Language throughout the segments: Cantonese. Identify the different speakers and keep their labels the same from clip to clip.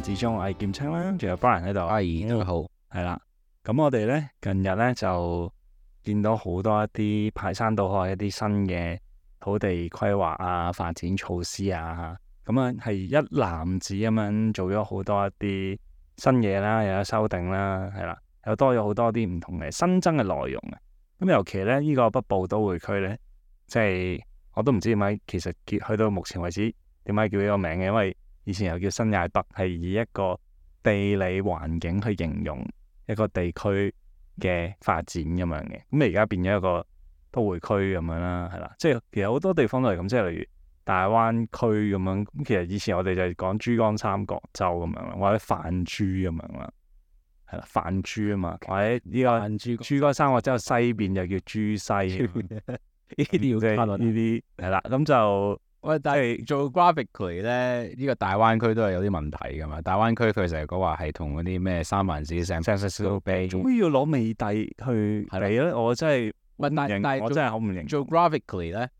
Speaker 1: 自中係劍青啦，仲有 Brian 喺度。阿怡，你好，係啦。咁我哋呢，近日呢，就見到好多一啲排山倒海一啲新嘅土地規劃啊、發展措施啊，咁啊係一籃子咁樣做咗好多一啲新嘢啦，又有修訂啦、啊，係啦，又多咗好多啲唔同嘅新增嘅內容嘅。咁尤其呢，呢個北部都會區呢，即係我都唔知點解，其實去到目前為止點解叫呢個名嘅，因為。以前又叫新界北，係以一個地理環境去形容一個地區嘅發展咁樣嘅。咁你而家變咗一個都會區咁樣啦，係啦。即係其實好多地方都係咁，即係例如大灣區咁樣。咁其實以前我哋就係講珠江三角洲咁樣啦，或者泛珠咁樣啦，係啦，泛珠啊嘛，或者呢個珠江三角洲西邊就叫珠西。呢啲 要加呢啲係啦，咁就，就。喂，但係做 graphically 咧，
Speaker 2: 呢個大灣區都係有啲問題噶嘛？大灣區佢成日講，話係同嗰啲咩三藩市、San Francisco Bay，點解要攞美帝去比咧？我真係，我真係好唔認。做 graphically 咧，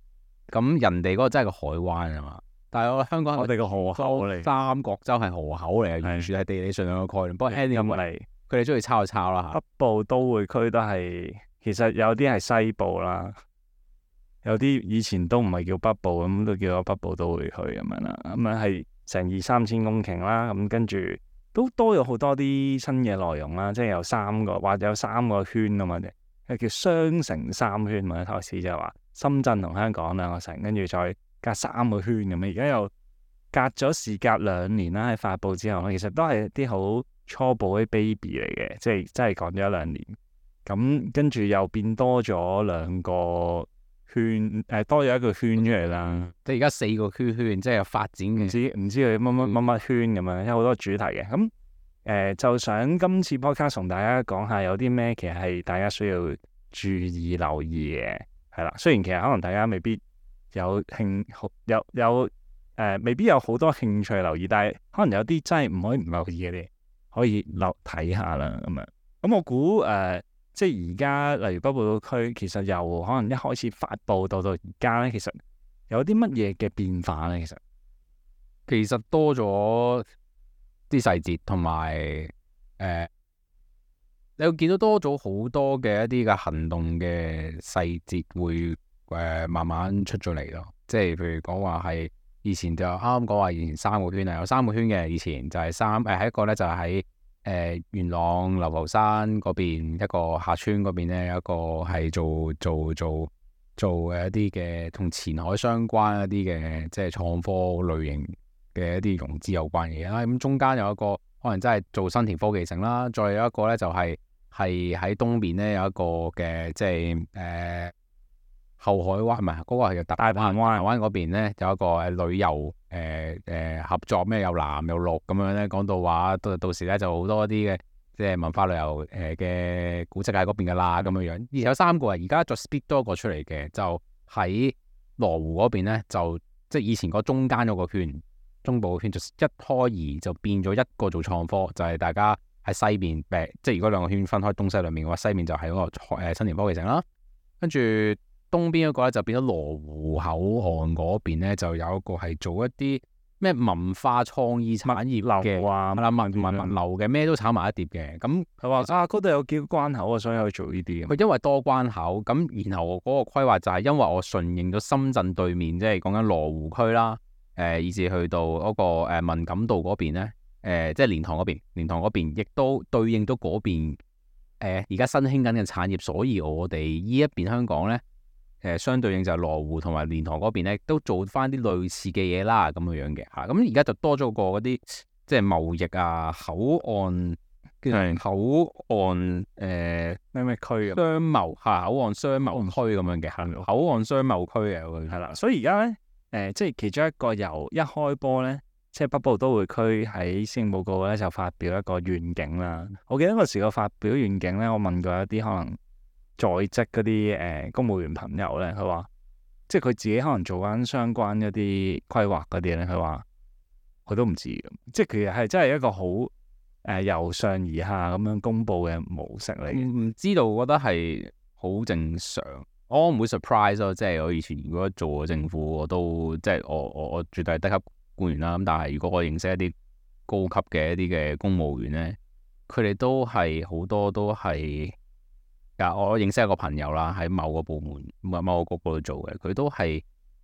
Speaker 2: 咁人哋嗰個真係個海灣啊嘛？但係我香港我哋個河
Speaker 1: 口，三角洲係河口嚟，完全係地理上個概念。不過 anyway，佢哋中意抄就抄啦。北部都會區都係，其實有啲係西部啦。有啲以前都唔係叫北部咁，都叫做北部都會去咁樣啦。咁樣係成二三千公頃啦，咁跟住都多咗好多啲新嘅內容啦。即係有三個或者有三個圈咁啊，即係叫雙城三圈嘛。一開始就係話深圳同香港兩個城，跟住再隔三個圈咁啊。而家又隔咗時隔兩年啦，喺發布之後其實都係啲好初步啲 baby 嚟嘅，即係真係講咗兩年。咁跟住又變多咗兩個。圈誒、呃、多咗一個圈出嚟啦，即係而家四個圈圈，即係有發展唔知唔知佢乜乜乜乜圈咁樣，嗯、有好多主題嘅。咁誒、呃、就想今次 podcast 同大家講下有啲咩其實係大家需要注意留意嘅，係啦。雖然其實可能大家未必有興好有有誒、呃，未必有好多興趣留意，但係可能有啲真係唔可以唔留意嘅，啲可以留睇下啦。咁樣咁我估誒。呃即係而家，例如北部都區，其實由可能一開始發布到到而家咧，其實有啲乜嘢嘅變化咧？其實其
Speaker 2: 實多咗啲細節，同埋誒，你會見到多咗好多嘅一啲嘅行動嘅細節會誒、呃、慢慢出咗嚟咯。即係譬如講話係以前就啱啱講話，剛剛以前三個圈啊，有三個圈嘅，以前就係三誒，係、呃、一個咧就喺。誒、呃、元朗流浮山嗰邊一個客村嗰邊咧，有一個係做做做做嘅一啲嘅同前海相關一啲嘅即係創科類型嘅一啲融資有關嘅嘢啦，咁、啊、中間有一個可能真係做新田科技城啦，再有一個咧就係係喺東邊咧，有一個嘅即係誒。呃後海灣唔係，嗰、那個係大鵬灣。大鵬灣嗰邊咧就有一個誒旅遊誒誒、呃呃、合作咩，又藍又綠咁樣咧。講到話到到時咧就好多啲嘅，即係文化旅遊誒嘅、呃、古跡界嗰邊噶啦咁樣樣。以前有三個，而家再 split 多一個出嚟嘅，就喺羅湖嗰邊咧，就即係以前嗰中間嗰個圈中部嘅圈，就一開二就變咗一個做創科，就係、是、大家喺西邊即係如果兩個圈分開東西兩面嘅話，西面就係嗰、那個、欸、新年科技城啦，跟住。東邊嗰個咧就變咗羅湖口岸嗰邊咧，就有一個係做一啲咩文化創意產業嘅，物流啊，的文文物流嘅，咩都炒埋一碟嘅。咁佢話啊，嗰度、啊、有幾個關口啊，所以可以做呢啲。佢因為多關口，咁然後嗰個規劃就係因為我順應咗深圳對面，即係講緊羅湖區啦，誒、呃，以至去到嗰、那個誒、呃、文錦道嗰邊咧，誒、呃，即係蓮塘嗰邊，蓮塘嗰邊亦都對應到嗰邊誒而家新興緊嘅產業，所以我哋呢一邊香港咧。誒相對應就係羅湖同埋蓮塘嗰邊咧，都做翻啲類似嘅嘢啦，咁樣樣嘅嚇。咁而家就多咗個嗰啲即係貿易啊，口岸，嗯、口
Speaker 1: 岸誒咩咩區啊，商貿嚇口岸商貿區咁樣嘅嚇，口岸商貿區嘅喎。係啦， 所以而家咧誒，即係其中一個由一開波咧，即係北部都會區喺施政報告咧就發表一個願景啦。我記得嗰時個發表願，願景咧，我問過一啲可能。在職嗰啲誒公務員朋友咧，佢話即係佢自己可能做緊相關一啲規劃嗰啲咧，佢話佢都唔知嘅，即係其實係真係一個好誒、呃、由上而下咁樣公佈嘅模式嚟。唔知道，我覺得係好正常，我唔會 surprise
Speaker 2: 咯。即係我以前如果做政府，我都即係我我我絕對係低級官員啦。咁但係如果我認識一啲高級嘅一啲嘅公務員咧，佢哋都係好多都係。我認識一個朋友啦，喺某個部門，唔係某個局度做嘅，佢都係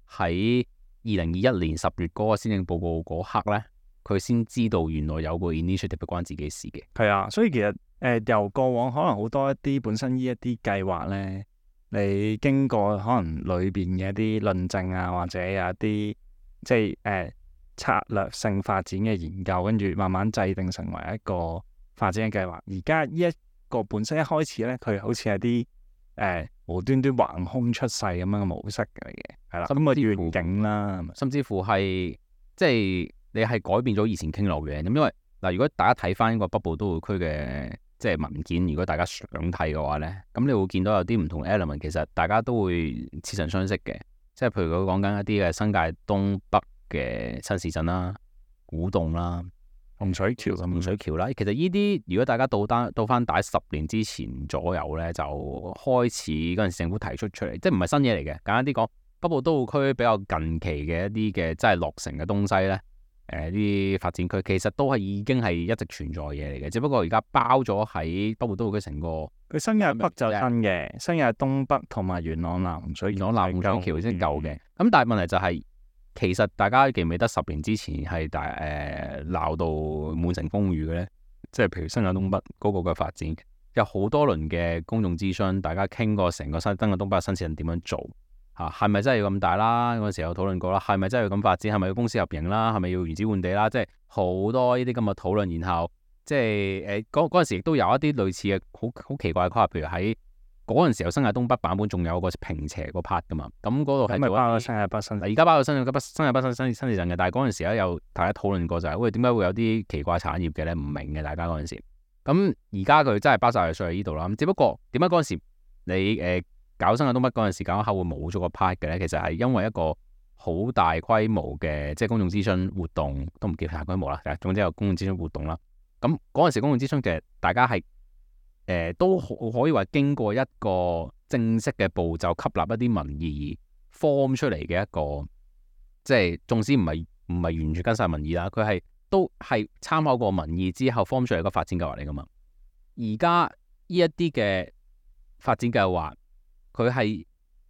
Speaker 2: 喺二零二一年十月嗰個施政報告嗰刻呢，佢先知道原來有個 initiative 關自己事嘅。係啊，所以其實誒、呃、由
Speaker 1: 過往可能好多一啲本身呢一啲計劃呢，你經過可能裏邊嘅一啲論證啊，或者有一啲即係誒、呃、策略性發展嘅研究，跟住慢慢制定成為一個發展嘅計劃。而家依一個本身一開始咧，佢好似係啲誒無端端橫空出世咁樣嘅模式嚟嘅嘢，係啦，咁嘅願景啦，甚至乎係即係
Speaker 2: 你係改變咗以前傾落嘅。咁、嗯、因為嗱、呃，如果大家睇翻個北部都會區嘅即係文件，如果大家想睇嘅話咧，咁你會見到有啲唔同 element，其實大家都會似曾相識嘅，即係譬如佢講緊一啲嘅新界東北嘅新市鎮啦、古洞啦。洪水橋就洪水橋啦，其實呢啲如果大家到單倒翻大，十年之前左右呢，就開始嗰陣政府提出出嚟，即係唔係新嘢嚟嘅。簡單啲講，北部都會區比較近期嘅一啲嘅，即係落成嘅東西呢，誒、呃，啲發展區其實都係已經係一直存在嘢嚟嘅，只不過而家包咗喺北部都會區成個。佢新嘅北就新嘅，嗯、新嘅係東北同埋元朗、南水、元朗、南洪水橋即係舊嘅。咁但係問題就係、是。其實大家記唔記得十年之前係大誒鬧、呃、到滿城風雨嘅呢？即係譬如新界東北嗰個嘅發展，有好多輪嘅公眾諮詢，大家傾過成個新新界東北新市人點樣做嚇，係、啊、咪真係要咁大啦？嗰陣時有討論過啦，係咪真係要咁發展？係咪要公司合營啦？係咪要原址換地啦？即係好多呢啲咁嘅討論，然後即係誒嗰嗰陣時亦都有一啲類似嘅好好奇怪嘅規劃，譬如喺。嗰陣時有新界東北版本，仲有個坪輋個 part 噶嘛，咁嗰度係咪包咗新界北而家包咗新界北新界北新新新市鎮嘅，但係嗰陣時咧，有大家討論過就係、是，喂點解會有啲奇怪產業嘅咧？唔明嘅大家嗰陣時。咁而家佢真係包曬落去呢度啦。咁只不過點解嗰陣時你誒、呃、搞新界東北嗰陣時搞下會冇咗個 part 嘅咧？其實係因為一個好大規模嘅即係公眾諮詢活動，都唔叫大規模啦，總之係公眾諮詢活動啦。咁嗰陣時公眾諮詢其實大家係。誒、呃、都可可以話經過一個正式嘅步驟，吸納一啲民意 form 出嚟嘅一個，即係縱使唔係唔係完全跟晒民意啦。佢係都係參考過民意之後 form 出嚟個發展計劃嚟㗎嘛。而家呢一啲嘅發展計劃，佢係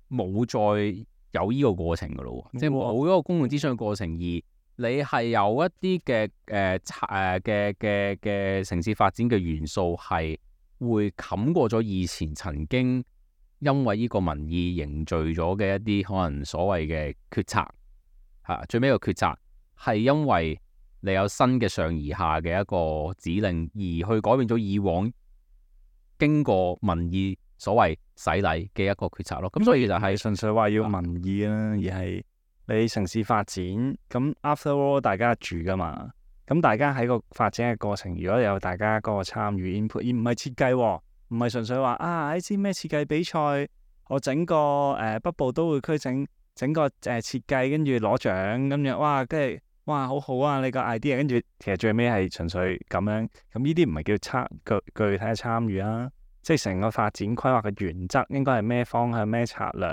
Speaker 2: 冇再有呢個過程㗎咯，哇即係冇一個公共諮詢嘅過程。而你係有一啲嘅誒誒嘅嘅嘅城市發展嘅元素係。會冚過咗以前曾經因為呢個民意凝聚咗嘅一啲可能所謂嘅決策，吓、啊、最尾個決策係因為你有新嘅上而下嘅一個指令，而去改變咗以往
Speaker 1: 經過民意所謂洗禮嘅一個決策咯。咁所以就係、是、純粹話要民意啦，啊、而係你城市發展咁 after all 大家住噶嘛。咁大家喺個發展嘅過程，如果有大家嗰個參與 input，而唔係設計，唔係純粹話啊，誒，知咩設計比賽，我整個誒、呃、北部都會區整整個誒、呃、設計，跟住攞獎，咁樣，哇，跟住哇，好好啊，你個 idea，跟住其實最尾係純粹咁樣，咁呢啲唔係叫參具具體嘅參與啊，即係成個發展規劃嘅原則應該係咩方向咩策略？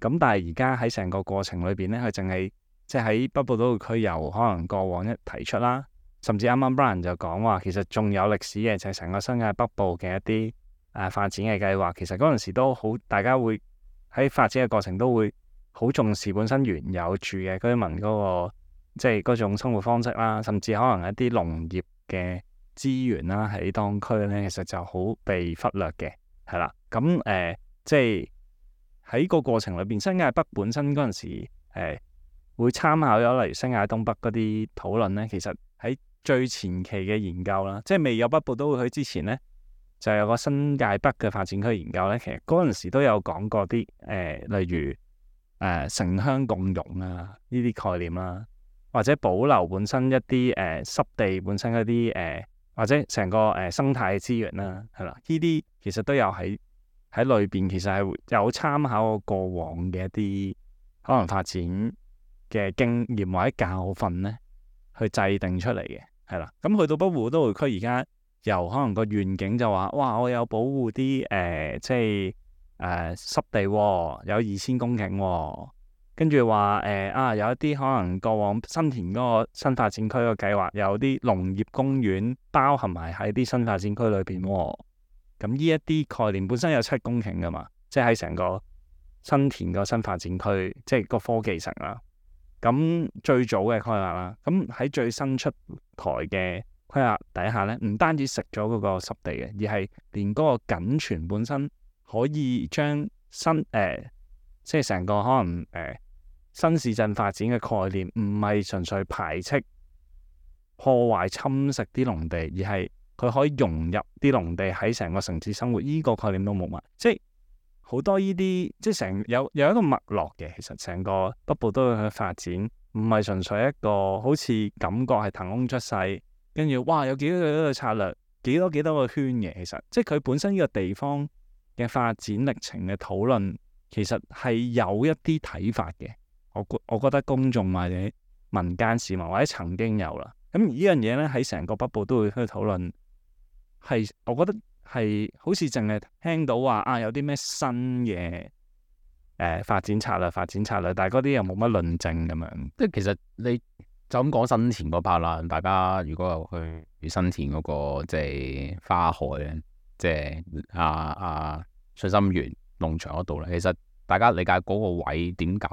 Speaker 1: 咁但係而家喺成個過程裏邊咧，佢淨係即係喺北部都會區由可能過往一提出啦。甚至啱啱 Brian 就講話，其實仲有歷史嘅，就係、是、成個新界北部嘅一啲誒、啊、發展嘅計劃，其實嗰陣時都好，大家會喺發展嘅過程都會好重視本身原有住嘅居民嗰、那個，即係嗰種生活方式啦，甚至可能一啲農業嘅資源啦喺當區咧，其實就好被忽略嘅，係啦，咁誒即係喺個過程裏邊，新界北本身嗰陣時誒、呃、會參考咗，例如新界東北嗰啲討論咧，其實喺，最前期嘅研究啦，即係未有北部都會區之前咧，就有個新界北嘅發展區研究咧。其實嗰陣時都有講過啲，誒、呃，例如誒、呃、城鄉共融啊，呢啲概念啦，啊，或者保留本身一啲誒、呃、濕地本身一啲誒、呃，或者成個誒、呃、生態資源啦，啊，係啦，呢啲其實都有喺喺裏邊，其實係有參考過往嘅一啲可能發展嘅經驗或者教訓咧，去制定出嚟嘅。係啦，咁去到北部都會區，而家由可能個願景就話：哇，我有保護啲誒，即係誒、呃、濕地、哦，有二千公頃、哦。跟住話誒啊，有一啲可能過往新田嗰個新發展區嘅計劃，有啲農業公園包含埋喺啲新發展區裏邊。咁、嗯、呢一啲概念本身有七公頃噶嘛，即係喺成個新田個新發展區，即係個科技城啦。咁最早嘅規劃啦，咁喺最新出台嘅規劃底下呢，唔單止食咗嗰個濕地嘅，而係連嗰個僅存本身可以將新誒、呃，即係成個可能誒、呃、新市鎮發展嘅概念，唔係純粹排斥破壞侵蝕啲農地，而係佢可以融入啲農地喺成個城市生活，呢、這個概念都冇壞，即好多呢啲即係成有有一個脈絡嘅，其實成個北部都會區發展，唔係純粹一個好似感覺係騰空出世，跟住哇有幾多個策略，幾多幾多個圈嘅。其實即係佢本身呢個地方嘅發展歷程嘅討論，其實係有一啲睇法嘅。我我我覺得公眾或者民間市民或者曾經有啦，咁呢樣嘢咧喺成個北部都會區討論，係我覺得。係好似淨係聽到話啊，有啲咩新嘅誒、呃、發展策略、發展策略，但係嗰啲又冇乜論證咁樣。即係其實你就咁講新田嗰 part
Speaker 2: 啦，大家如果又去新田嗰、那個即係、就是、花海咧，即、就、係、是、啊啊信芯園農場嗰度咧，其實大家理解嗰個位點解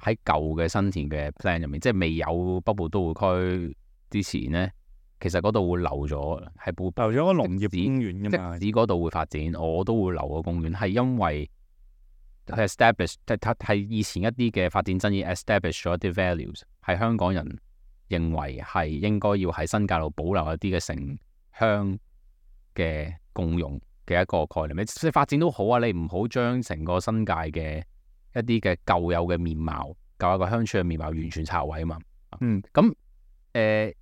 Speaker 2: 喺舊嘅新田嘅 plan 入面，即係未有北部都會區之前咧？其實嗰度會留咗，係保留咗個農業公園咁嘛，指嗰度會發展，我都會留個公園，係因為佢 establish 即係以前一啲嘅發展爭議 establish 咗一啲 values，係香港人認為係應該要喺新界度保留一啲嘅城鄉嘅共用嘅一個概念。你發展都好啊，你唔好將成個新界嘅一啲嘅舊有嘅面貌、舊有嘅鄉村嘅面貌完全拆毀啊嘛。嗯，咁誒。呃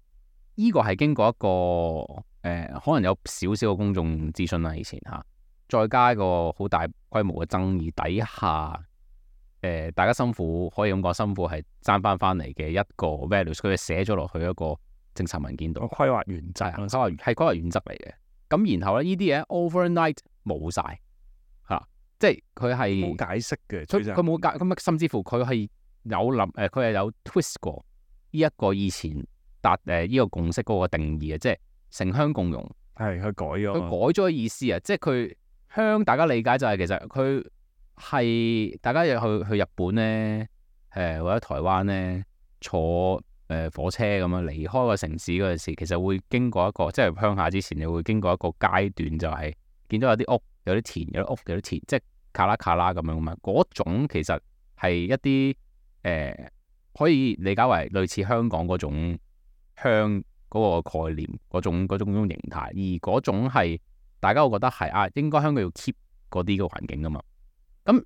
Speaker 2: 呢個係經過一個誒、呃，可能有少少嘅公眾諮詢啦，以前吓、啊，再加一個好大規模嘅爭議底下，誒、呃，大家辛苦，可以咁講，辛苦係爭翻翻嚟嘅一個 values 佢係寫咗落去一個政策文件度、啊。規劃原則啊，規劃係規劃原則嚟嘅。咁然後咧，呢啲嘢 overnight 冇晒吓、啊，即係佢係冇解釋嘅，佢冇解，咁甚至乎佢係有諗誒，佢係有，有 twist 過呢一個以前。達誒呢個共識嗰個定義啊，即係城鄉共融係佢改咗，佢改咗意思啊，即係佢鄉，大家理解就係其實佢係大家入去去日本咧誒、呃、或者台灣咧坐誒、呃、火車咁樣離開個城市嗰陣時，其實會經過一個即係鄉下，之前你會經過一個階段、就是，就係見到有啲屋有啲田有啲屋有啲田，即係卡啦卡啦咁樣嘛。嗰種其實係一啲誒、呃、可以理解為類似香港嗰種。鄉嗰個概念，嗰種種種形態，而嗰種係大家會覺得係啊，應該香港要 keep 嗰啲個環境噶嘛。咁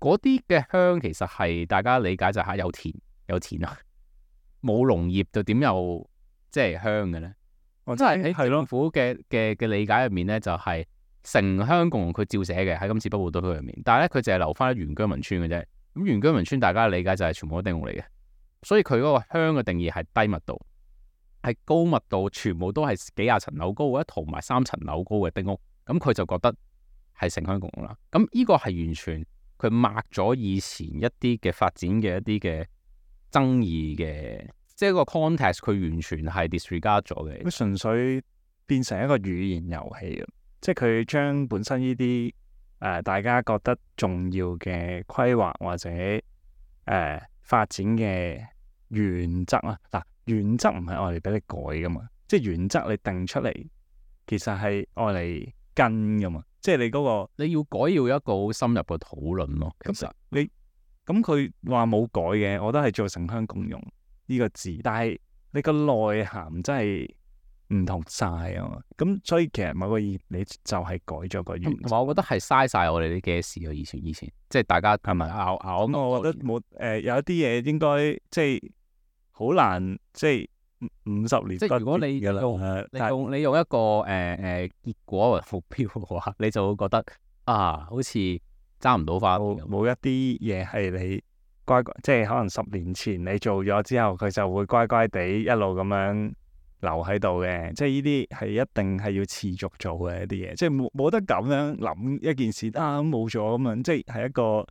Speaker 2: 嗰啲嘅鄉，其實係大家理解就係有田有田啊，冇農業就點有即係鄉嘅咧？哦，即係喺政府嘅嘅嘅理解入面咧、就是，就係城鄉共榮，佢照寫嘅喺今次《北部都會區》入面。但係咧，佢淨係留翻喺原居民村嘅啫。咁原居民村大家理解就係全部都丁屋嚟嘅，所以佢嗰個鄉嘅定義係低密度。係高密度，全部都係幾廿層樓高或者同埋三層樓高嘅丁屋，咁佢就覺得係城鄉共融啦。咁呢個係完全佢抹咗以前一啲嘅發展嘅一啲嘅爭議嘅，即係個 context，佢完
Speaker 1: 全係 disregard 咗嘅，純粹變成一個語言遊戲，即係佢將本身呢啲誒大家覺得重要嘅規劃或者誒、呃、發展嘅原則啦嗱。啊原則唔係用嚟俾你改㗎嘛，即係原則你定出嚟，其實係用嚟跟㗎嘛，即係你嗰，那個你要改要一個好深入嘅討論咯。其實你咁佢話冇改嘅，我覺得係做城鄉共融」呢，這個字，但係你個內涵真係唔同晒啊嘛。咁所以其實某個意你就係
Speaker 2: 改咗個原則。同埋我覺得係嘥晒我哋啲嘅事啊，以前以前即係大家係咪拗拗咁？
Speaker 1: 我覺得冇誒，呃，有一啲嘢應該即係。好難，即係五十年。即係如果你、哦、你，用但你用，你用你用一個誒誒、呃呃、結果為目標嘅話，你就會覺得啊，好似揸唔到法，冇一啲嘢係你乖乖，即係可能十年前你做咗之後，佢就會乖乖地一路咁樣留喺度嘅。即係呢啲係一定係要持續做嘅一啲嘢。即係冇冇得咁樣諗一件事啊，冇咗咁樣，即係係一個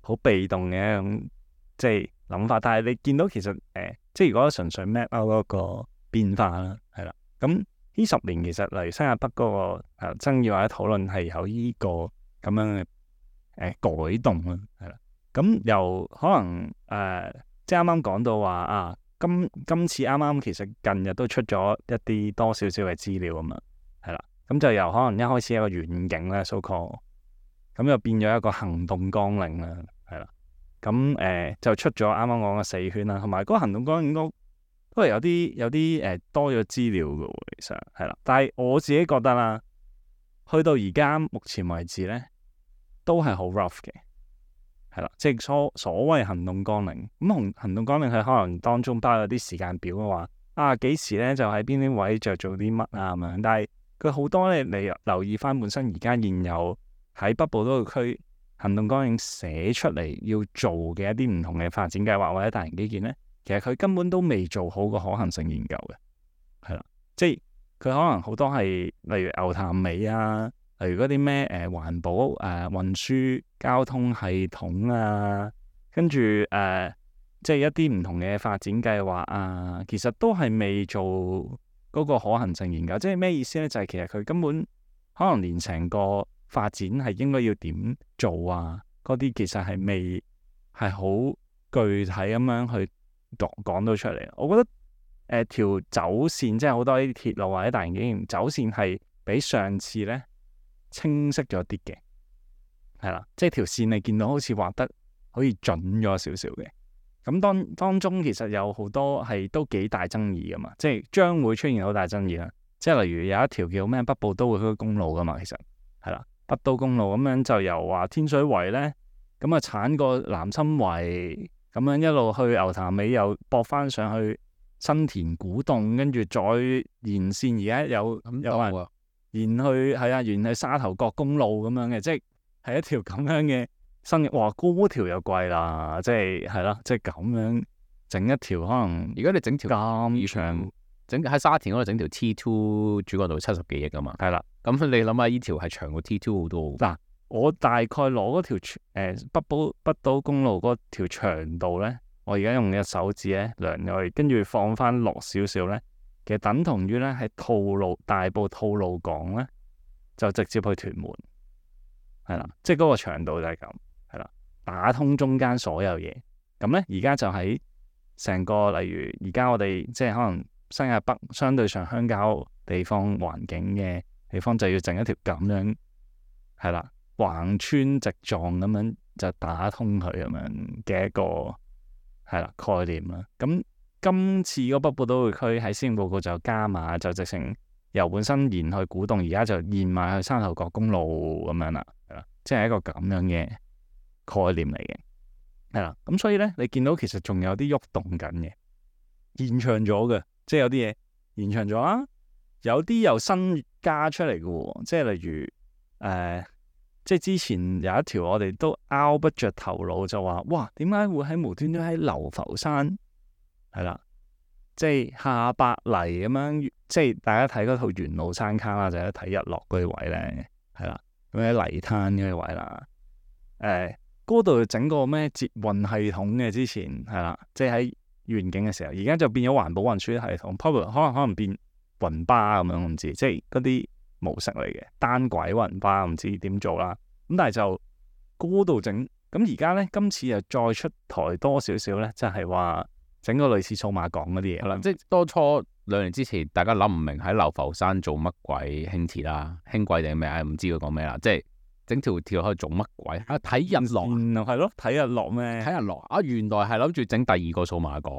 Speaker 1: 好被動嘅一樣即係諗法。但係你見到其實誒。呃即係如果純粹 map out 嗰個變化啦，係啦，咁呢十年其實例如新界北嗰個啊、呃、爭議或者討論係有呢、這個咁樣嘅誒改動啦，係啦，咁由可能誒、呃、即係啱啱講到話啊今今次啱啱其實近日都出咗一啲多少少嘅資料啊嘛，係啦，咁就由可能一開始一個遠景咧，so called 咁又變咗一個行動綱領啦。咁誒就出咗啱啱講嘅四圈啦，同埋嗰個行動綱領都都係有啲有啲誒多咗資料嘅喎，其實係啦。但係我自己覺得啦，tortured. 去到而家目前為止咧，都係好 rough 嘅，係啦。即係所所謂行動綱領咁行行動綱領，佢可能當中包咗啲時間表嘅話，啊幾時咧就喺邊啲位着做啲乜啊咁樣。但係佢好多咧，你留意翻本身而家現有喺北部嗰個區。行動綱領寫出嚟要做嘅一啲唔同嘅發展計劃或者大型基建呢，其實佢根本都未做好個可行性研究嘅，係啦，即係佢可能好多係例如牛潭尾啊，例如嗰啲咩誒環保誒、呃、運輸交通系統啊，跟住誒即係一啲唔同嘅發展計劃啊，其實都係未做嗰個可行性研究，即係咩意思呢？就係、是、其實佢根本可能連成個。發展係應該要點做啊？嗰啲其實係未係好具體咁樣去講，講到出嚟。我覺得誒、呃、條走線即係好多啲鐵路或者大型基建走線係比上次咧清晰咗啲嘅。係啦，即係條線你見到好似畫得好似準咗少少嘅。咁當當中其實有好多係都幾大爭議噶嘛，即係將會出現好大爭議啦。即係例如有一條叫咩北部都會區公路噶嘛，其實。北都公路咁樣，樣就由話天水圍咧，咁啊鏟過南生圍，咁樣一路去牛潭尾又駁翻上去新田古洞，跟住再延線，而家有這樣 有啊，延去係啊，延去沙頭角公路咁樣嘅，即係一條咁樣嘅新嘅，哇，嗰條又貴啦，即係係啦，即係咁樣整一條可能，如果你整條咁長。
Speaker 2: 整喺沙田嗰度整條 T2 主幹道，七十幾億啊嘛，係啦的。咁、嗯、你諗下呢條係長
Speaker 1: 過 T2 好多。嗱，我大概攞嗰條北都北都公路嗰條長度咧，我而家用嘅手指咧量咗，跟住放翻落少少咧，其實等同於咧係吐露大埔吐露港咧，就直接去屯門，係啦。即係嗰個長度就係咁，係啦。打通中間所有嘢，咁咧而家就喺成個，例如而家我哋即係可能。新界北相對上鄉郊地方環境嘅地方，就要整一條咁樣係啦，橫穿直撞咁樣就打通佢咁樣嘅一個係啦概念啦。咁今次嗰個北部都會區喺施政報告就加碼，就直成由本身延去古洞，而家就延埋去山頭角公路咁樣啦，係啦，即係一個咁樣嘅概念嚟嘅係啦。咁所以咧，你見到其實仲有啲喐動緊嘅延長咗嘅。即係有啲嘢延長咗啦、啊，有啲又新加出嚟嘅喎，即係例如誒、呃，即係之前有一條我哋都拗不着頭腦就話，哇點解會喺無端端喺流浮山係啦，即係下白泥咁樣，即係大家睇嗰套元老山卡啦，就係睇日落嗰啲位咧，係啦，咁喺泥灘嗰啲位啦，誒嗰度整個咩捷運系統嘅之前係啦，即係。願景嘅時候，而家就變咗環保運輸系統，可能可能可能變雲巴咁樣，我唔知，即係嗰啲模式嚟嘅單軌雲巴，唔知點做啦。咁但係就嗰度整，咁而家咧今次又再出台多少少咧，就係話整個類似數碼港嗰啲嘢啦。吧即係多初
Speaker 2: 兩年之前，大家諗唔明喺流浮山做乜鬼輕鐵啦、輕軌定咩啊？唔知佢講咩啦，即係。整條條去做乜鬼啊？睇日落啊，係咯、嗯，睇日落咩？睇日落啊！原來係諗住整第二個數碼港，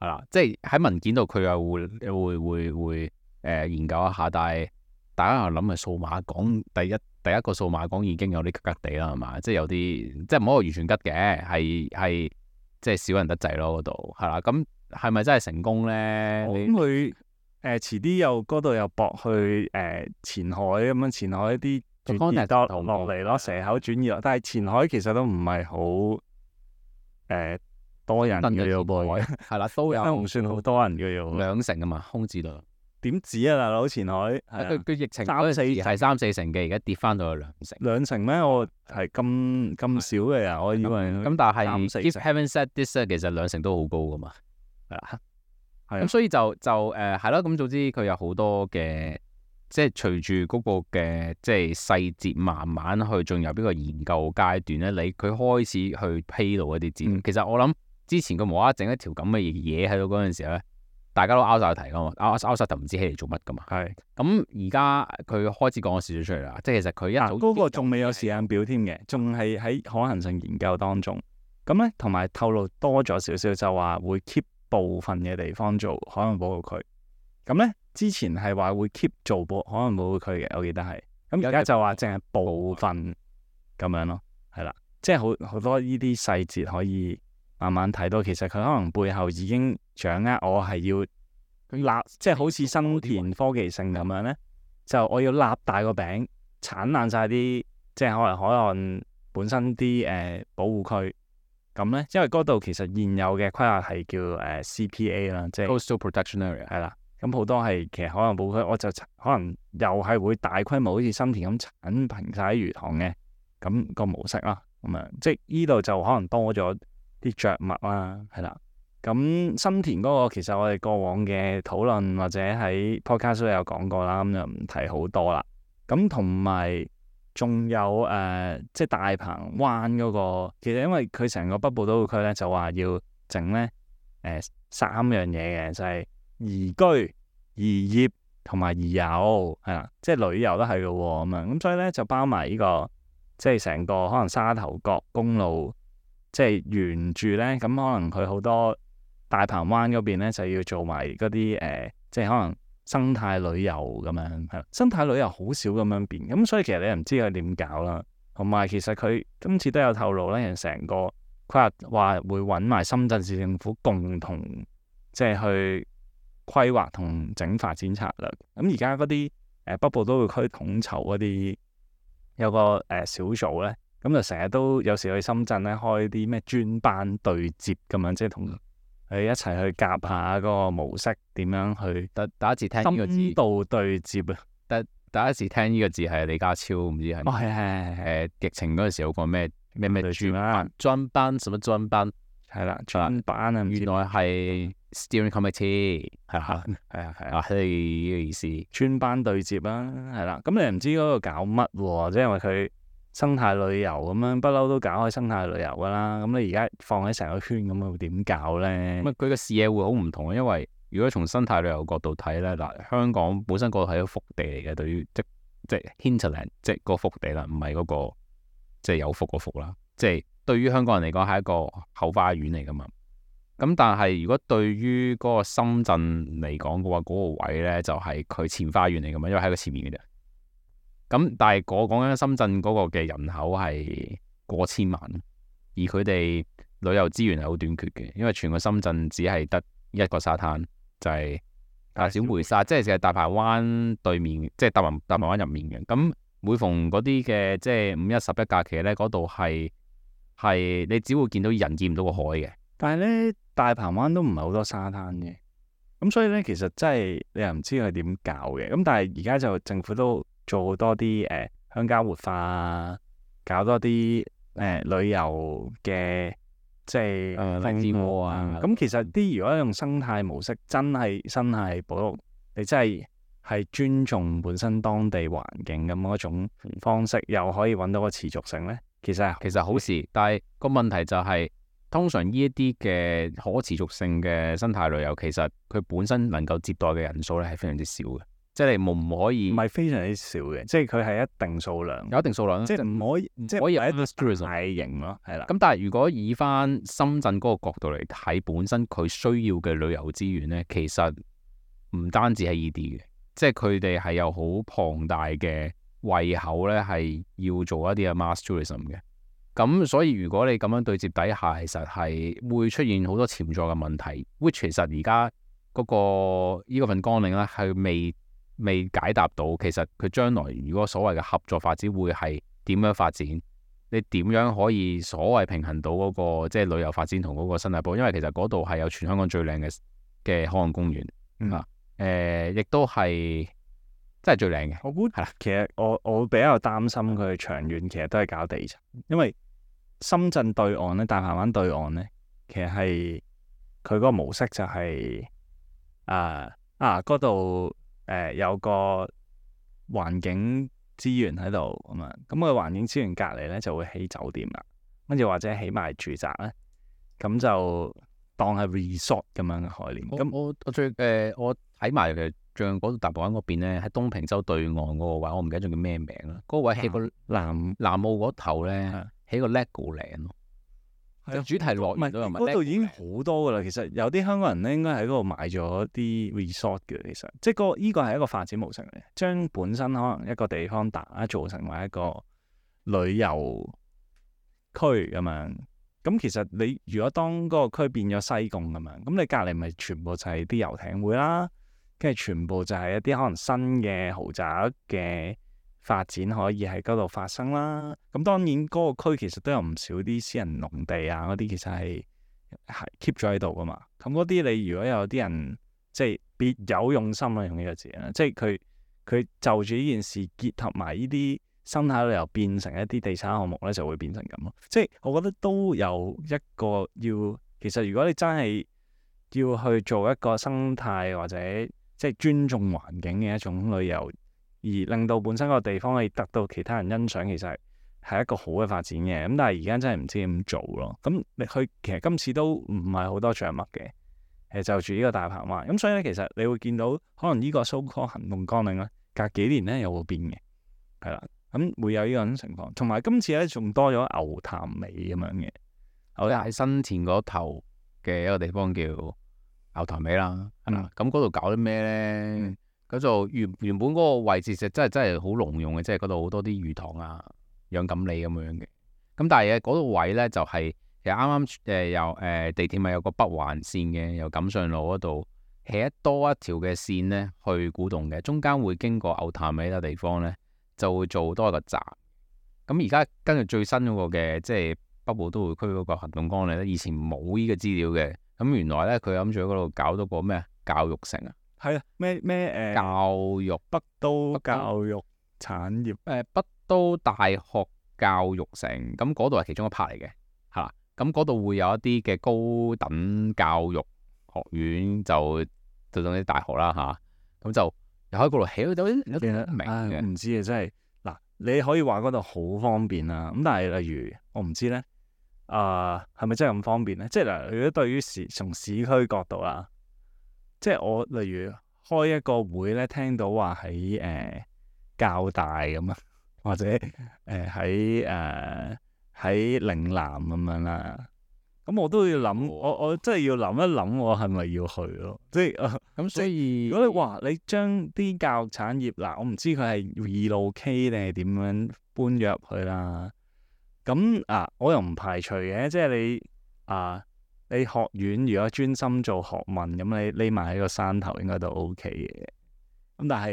Speaker 2: 係啦，即係喺文件度佢又會又會會會誒、呃、研究一下，但係大家又諗嘅數碼港，第一第一個數碼港已經有啲吉吉地啦，係嘛，即係有啲即係唔好話完全吉嘅，係係即係少人得滯咯，嗰度係啦。咁係咪真係成功咧？咁
Speaker 1: 佢誒遲啲又嗰度又駁去誒前海咁樣、嗯、前，前，前海一啲。轉移落嚟咯，蛇口轉移，但係前海其實都唔係好誒多人嘅要位，係啦，都有，都唔算好多人嘅要位。兩成啊嘛，空置率點止啊？大佬前海佢
Speaker 2: 疫情嗰陣時
Speaker 1: 三四成嘅，而家跌翻到去兩成。兩成咩？我係咁咁少嘅人，我以為咁，但係
Speaker 2: having said this，其實兩成都好高噶嘛，係啊，係咁，所以就就誒係咯，咁總之，佢有好多嘅。即係隨住嗰個嘅即係細節，慢慢去進入呢個研究階段咧，你佢開始去披露一啲資料、嗯。其實我諗之前個無啦啦整一條咁嘅嘢喺度嗰陣時咧，大家都拗晒題噶嘛拗拗晒就唔知起嚟做乜噶嘛。係咁而家佢開始講少少出嚟啦，即
Speaker 1: 係其實佢一早嗰個仲未有時間表添嘅，仲係喺可行性研究當中。咁咧，同埋透露多咗少少，就話會 keep 部分嘅地方做海洋保護區。咁咧。之前係話會 keep 做保，可能保護區嘅，我記得係咁。而家就話淨係部分咁樣咯，係啦，即係好好多呢啲細節可以慢慢睇到。其實佢可能背後已經掌握，我係要立，是即係好似新田科技城咁樣咧，就我要立大個餅，鏟爛晒啲，即係可能海岸本身啲誒、呃、保護區咁，咧，因為嗰度其實現有嘅規劃係叫誒 C P A 啦，呃、CPA, 即係 Coastal Protection Area 係啦。咁好、嗯、多係其實海洋保護區，我就可能又係會大規模好似新田咁鏟平晒啲魚塘嘅，咁、嗯那個模式啦、啊，咁、嗯、樣即係呢度就可能多咗啲雀物啦、啊，係啦。咁、嗯、新田嗰個其實我哋過往嘅討論或者喺 Podcast 都有講過啦，咁、嗯、就唔提好多啦。咁同埋仲有誒、呃，即係大鵬灣嗰個，其實因為佢成個北部都會區咧，就話要整咧誒三樣嘢嘅，就係、是。宜居宜業同埋宜遊，係啦，即係旅遊都係嘅喎，咁啊，咁所以呢，就包埋呢、呢個，即係成個可能沙頭角公路，即係沿住呢，咁可能佢好多大鵬灣嗰邊呢，就要做埋嗰啲誒，即係可能生態旅遊咁樣，係生態旅遊好少咁樣變，咁所以其實你唔知佢點搞啦。同埋其實佢今次都有透露咧，成個規劃話會搵埋深圳市政府共同，即係去。規劃同整發展策略，咁而家嗰啲誒北部都會區統籌嗰啲有個誒、呃、小組咧，咁就成日都有時去深圳咧開啲咩專班對接咁樣，即係同佢一齊去夾下嗰個模式點樣
Speaker 2: 去。第、第一次聽呢個字，深度對接啊！第、第一次聽呢個字係李家超，唔知係咪？係係係疫情嗰陣時有個咩咩咩對接？專班什麼專班？係啦，村班啊，原來係 Steering Committee，
Speaker 1: 係啊，係啊，係啊，係呢個意思。村班對接啦、啊，係啦。咁你唔知嗰個搞乜喎？即係因為佢生態旅遊咁樣，不嬲都搞開生態旅遊噶啦。咁你而家放喺成個圈咁，會點搞咧？咁啊、嗯，佢個視野會好唔同啊。因為如果從生態
Speaker 2: 旅遊角度睇咧，嗱，香港本身一個係個腹地嚟嘅，對於即即、就是就是、hinterland，即係嗰個腹地啦，唔係嗰個即係、就是、有腹嗰腹啦，即係。對於香港人嚟講係一個後花園嚟噶嘛，咁但係如果對於嗰個深圳嚟講嘅話，嗰個位呢就係佢前花園嚟噶嘛，因為喺佢前面嘅啫。咁但係我講緊深圳嗰個嘅人口係過千萬，而佢哋旅遊資源係好短缺嘅，因為全個深圳只係得一個沙灘，就係大小梅沙，即係就係大鵬灣對面，即係大鵬大鵬灣入面嘅。咁每逢嗰啲嘅即係五一十一假期呢嗰度係。係，你只會見到人
Speaker 1: 見唔到個海嘅。但係呢，大鵬灣都唔係好多沙灘嘅。咁所以呢，其實真係你又唔知佢點搞嘅。咁但係而家就政府都做好多啲誒，鄉、呃、郊活化搞多啲誒、呃、旅遊嘅，即係。啊！荔枝窩啊！咁、嗯、其實啲如果用生態模式，真係生態保育，你真係係尊重本身當地環境咁樣一種方式，嗯、又可以揾到個持續性呢。其實其實好事，但係個問題就係、
Speaker 2: 是、通常呢一啲嘅可持續性嘅生態旅遊，其實佢本身能夠接待嘅人數咧係非常之少嘅，即係你唔可以唔係非常之少嘅，即係佢係一定數量，有一定數量，即係唔可以，即係可以有一啲大型咯，係啦。咁但係如果以翻深圳嗰個角度嚟睇，本身佢需要嘅旅遊資源咧，其實唔單止係呢啲嘅，即係佢哋係有好龐大嘅。胃口咧係要做一啲嘅 mass tourism 嘅，咁所以如果你咁樣對接底下，其實係會出現好多潛在嘅問題，which 其實而家嗰個呢、呢個份綱領咧係未未解答到，其實佢將來如果所謂嘅合作發展會係點樣發展？你點樣可以所謂平衡到嗰、嗰個即係旅遊發展同嗰個新界北？因為其實嗰度係有全香港最靚嘅嘅海岸公園、嗯、啊，誒、
Speaker 1: 呃，亦都係。真係最靚嘅，我估係啦。其實我我比較擔心佢長遠，其實都係搞地產，因為深圳對岸咧，大鵬灣對岸咧，其實係佢個模式就係、是、誒啊，嗰度誒有個環境資源喺度咁啊，咁、咁個環境資源隔籬咧就會起酒店啦，跟住或者起埋住宅咧，咁就當係 resort 咁樣嘅概念。咁我我，我最誒、呃，我
Speaker 2: 睇埋佢。像嗰度搭埗灣喺嗰邊咧，喺、那個、東平洲對岸嗰、那個那個位，我唔記得仲叫咩名啦。嗰位起個
Speaker 1: 南南澳嗰頭咧，起個 lego 嶺咯，係啊，oland, 的就主題樂園咯，唔係嗰度已經好多噶啦。其實有啲香港人咧，應該喺嗰度買咗啲 resort 嘅。其實即係個依個係一個發展模式嚟，將本身可能一個地方打造成為一個旅遊區咁樣。咁其實你如果當嗰個區變咗西貢咁樣，咁你隔籬咪全部就係啲遊艇會啦、啊。跟住全部就係一啲可能新嘅豪宅嘅發展可以喺嗰度發生啦。咁當然嗰個區其實都有唔少啲私人農地啊，嗰啲其實係係 keep 咗喺度㗎嘛。咁嗰啲你如果有啲人即係別有用心啊，用呢個字啊，即係佢佢就住呢件事結合埋呢啲生態旅遊變成一啲地產項目咧，就會變成咁咯。即係我覺得都有一個要其實如果你真係要去做一個生態或者，即係尊重環境嘅一種旅遊，而令到本身個地方可以得到其他人欣賞，其實係一個好嘅發展嘅。咁但係而家真係唔知點做咯。咁你去其實今次都唔係好多着墨嘅，係就住呢個大鵬灣。咁所以咧，其實你會見到可能呢個 so-called 行動綱領咧，隔幾年咧又會變嘅，係啦。咁會有呢種情況。同埋今次咧仲多咗牛潭尾咁樣嘅，我哋喺
Speaker 2: 新田嗰頭嘅一個地方叫牛潭尾啦，咁嗰度搞啲咩咧？咁、嗯、就原原本嗰個位置，實真係真係好農用嘅，即係嗰度好多啲魚塘啊、養錦鯉咁樣嘅。咁但係嗰度位咧就係其實啱啱誒又誒地鐵咪有個北環線嘅，由錦上路嗰度起多一條嘅線咧去古洞嘅，中間會經過牛潭尾嘅地方咧，就會做多一個站。咁而家跟住最新嗰、那個嘅即係北部都會區嗰個行動綱領咧，以前冇呢個資料嘅。咁原來咧，佢諗住喺嗰度搞到個咩教育城啊？係啊，咩咩誒？呃、教育北都教育產業誒，北都大學教育城，咁嗰度係其中一 part 嚟嘅，嚇。咁嗰度會有一啲嘅高等教育學院，就就等啲大學啦，
Speaker 1: 吓、啊，咁就又喺嗰度起到，都得明嘅，唔、哎、知啊，真係嗱，你可以話嗰度好方便啊。咁但係，例如我唔知咧。啊，係咪、uh, 真係咁方便咧？即係嗱，如果對於市從市區角度啦，即係我例如開一個會咧，聽到話喺誒教大咁啊，或者誒喺誒喺嶺南咁樣啦，咁我都要諗好，我真要想一想我真係要諗一諗，我係咪要去咯？即係咁，呃、所以 如果你話你將啲教育產業嗱、呃，我唔知佢係 relocate 定係點樣搬入去啦。咁、嗯、啊，我又唔排除嘅，即係你啊，你學院如果專心做學問，咁你匿埋喺個山頭應該、OK，應該都 O K 嘅。咁但係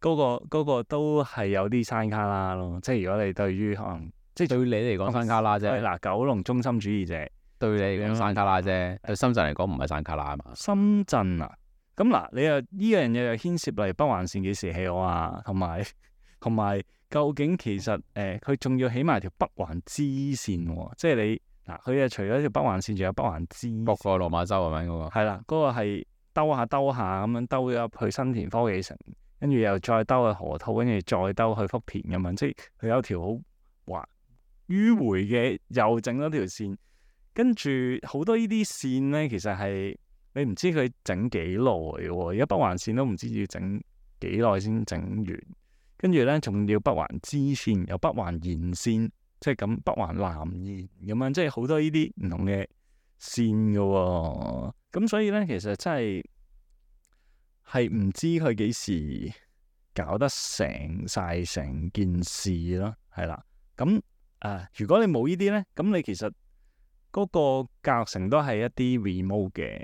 Speaker 1: 嗰、嗰個、嗰個都係有啲山卡拉咯，即係如果你對於可能，即係對你嚟講山卡拉啫。嗱、嗯，九龍中心主義者
Speaker 2: 對你嚟講山卡拉啫，的對深圳嚟講唔係山卡拉啊嘛。深圳啊，咁、嗯、嗱、嗯
Speaker 1: 啊，你又呢樣嘢又牽涉例如北環線幾時起好啊同埋、同埋。究竟其實誒，佢、呃、仲要起埋條北環支線喎，即係你嗱，佢啊除咗條北環線，仲有北環支。駁過落馬洲咁樣嗰個？係啦，嗰個係兜下兜下咁樣兜入去新田科技城，跟住又再兜去河套，跟住再兜去福田咁樣，即係佢有條好彎迂迴嘅，又整咗條線，跟住好多依啲線咧，其實係你唔知佢整幾耐喎，而家北環線都唔知要整幾耐先整完。rement 跟住咧，仲要北環支線，又北環延線，即係咁北環南延咁樣，即係好多呢啲唔同嘅線噶、哦。咁所以咧，其實真係係唔知佢幾時搞得成晒成件事咯。係啦，咁、嗯、誒、呃，如果你冇呢啲咧，咁你其實嗰個教育城都係一啲 remote 嘅，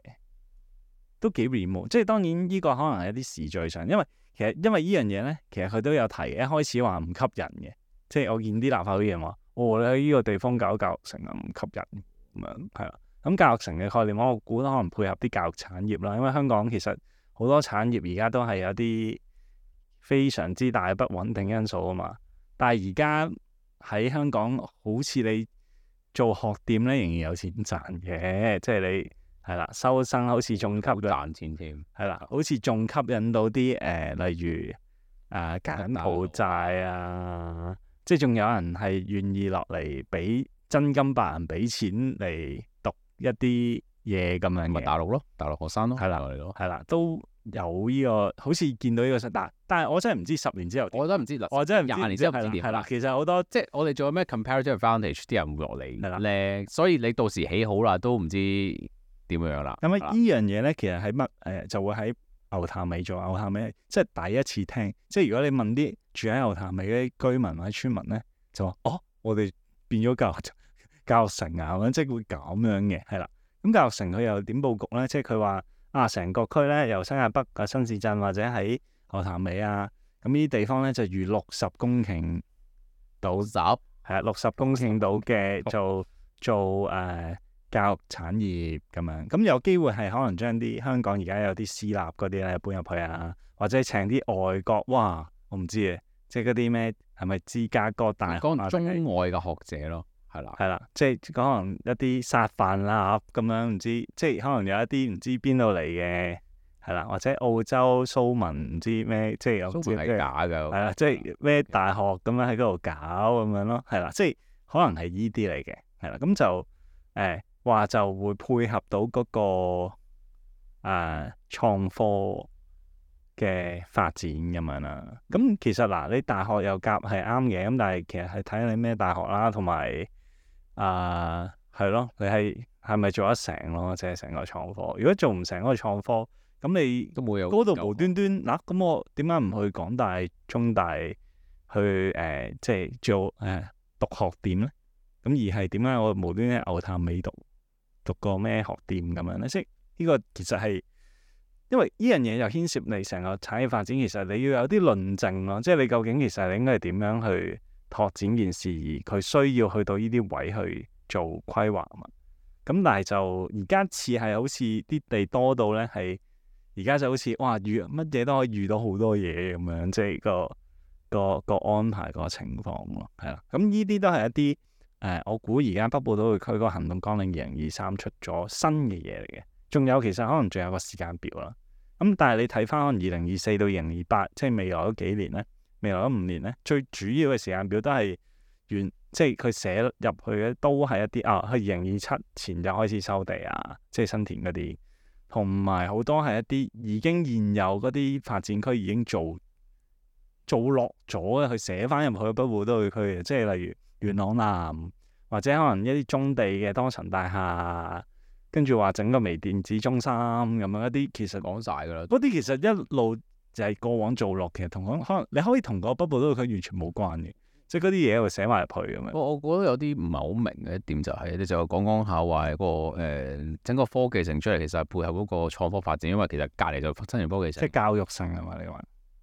Speaker 1: 都幾 remote。即係當然呢個可能係一啲時序上，因為。因為呢樣嘢呢，其實佢都有提，一開始話唔吸引嘅，即係我見啲立法會人話，哦，你喺呢個地方搞教育城唔吸引，咁樣係啦。咁教育城嘅概念，我估都可能配合啲教育產業啦，因為香港其實好多產業而家都係有啲非常之大嘅不穩定因素啊嘛。但係而家喺香港，好似你做學店呢，仍然有錢賺嘅，即係你。係啦，收生好似仲吸引，係啦，好似仲吸引到啲誒，例如誒柬埔寨啊，即係仲有人係願意落嚟俾真金白銀俾錢嚟讀一啲嘢咁樣咪大陸咯，大陸學生咯，係啦，係啦，都有呢個，好似見到呢個，但但係我真係唔知十年之後，我都唔知，我真係廿年之
Speaker 2: 後點啦。其實好多即係我哋仲有咩 comparative advantage，啲人會落嚟咧，所以你到時
Speaker 1: 起好啦，都唔知。點、嗯、樣樣啦？咁啊，依樣嘢咧，其實喺乜誒，就會喺牛潭尾做牛潭尾,即係第一次聽。即係如果你問啲住喺牛潭尾嘅居民或者村民咧，就話哦，我哋變咗教育教育城啊，咁即係會咁樣嘅，係啦。咁、嗯、教育城佢又點布局咧？即係佢話啊，成個區咧，由新界北嘅新市鎮或者喺牛潭尾啊，咁呢啲地方咧就預六十公頃到集，係啊、嗯，六十公頃到嘅就做誒。嗯做做呃教育產業咁樣，咁有機會係可能將啲香港而家有啲私立嗰啲咧搬入去啊，或者請啲外國哇，我唔知嘅，即係嗰啲咩係咪芝加哥大學？可能中外嘅學者咯，係啦，係啦，即係可能一啲殺飯鈉咁樣唔知，即係可能有一啲唔知邊度嚟嘅，係啦，或者澳洲蘇文唔知咩，即係有啲係假㗎，係啦，即係咩大學咁樣喺嗰度搞咁樣咯，係啦，即係可能係依啲嚟嘅，係啦，咁就誒。話就會配合到嗰、那個誒創、啊、科嘅發展咁樣啦。咁其實嗱、啊，你大學又夾係啱嘅。咁但係其實係睇你咩大學啦，同埋誒係咯，你係係咪做得成咯？即係成個創科。如果做唔成個創科，咁你都冇有，有？度無端端嗱，咁、啊、我點解唔去港大、中大去誒、啊？即係做誒、啊、讀學點咧？咁而係點解我無端端牛潭尾讀？讀個咩學店咁樣咧，即係呢、這個其實係，因為呢樣嘢又牽涉你成個產業發展，其實你要有啲論證咯，即係你究竟其實你應該係點樣去拓展件事，佢需要去到呢啲位去做規劃嘛。咁但係就而家似係好似啲地多到咧，係而家就好似哇遇乜嘢都可以遇到好多嘢咁樣，即係個個個安排個情況咯，係啦。咁呢啲都係一啲。誒、哎，我估而家北部都會區嗰個行動綱領二零二三出咗新嘅嘢嚟嘅，仲有其實可能仲有個時間表啦。咁、嗯、但係你睇翻可能二零二四到二零二八，即係未來嗰幾年咧，未來嗰五年咧，最主要嘅時間表都係原，即係佢寫入去嘅都係一啲啊，去二零二七前就開始收地啊，即係新田嗰啲，同埋好多係一啲已經現有嗰啲發展區已經做做落咗嘅，佢寫翻入去，去北部都會區嘅，即係例如。元朗南或者可能一啲棕地嘅多層大廈，跟住話整個微電子中心咁樣一啲，其實講晒㗎喇。嗰啲其實一路就係過往做落，其實同可能你可以同個北部都佢完全冇關嘅，即係嗰啲嘢會寫埋入去咁樣。我我覺得有啲唔係好明嘅一點就係、是，你就講講下話
Speaker 2: 個誒、呃、整個科技城出嚟，其實係配合嗰個創科發展，因為其實隔籬就新型科技城。
Speaker 1: 即係教育城啊嘛，你話？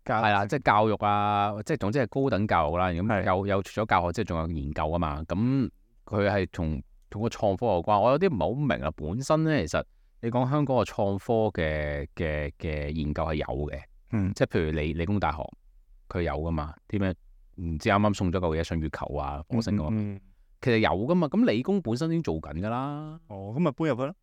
Speaker 2: 係啦、啊，即係教育啊，即係總之係高等教育啦、啊。咁有有除咗教學，即係仲有研究噶嘛？咁佢係同同個創科有關。我有啲唔係好明啊。本身咧，其實你講香港個創科嘅嘅嘅研究係有嘅，即係、嗯、譬如理理工大學，佢有噶嘛？啲咩唔知啱啱送咗個嘢上月球啊，火星嗰個，嗯嗯嗯其實有噶嘛？咁理工本身已經做緊噶啦。哦，咁咪搬入去。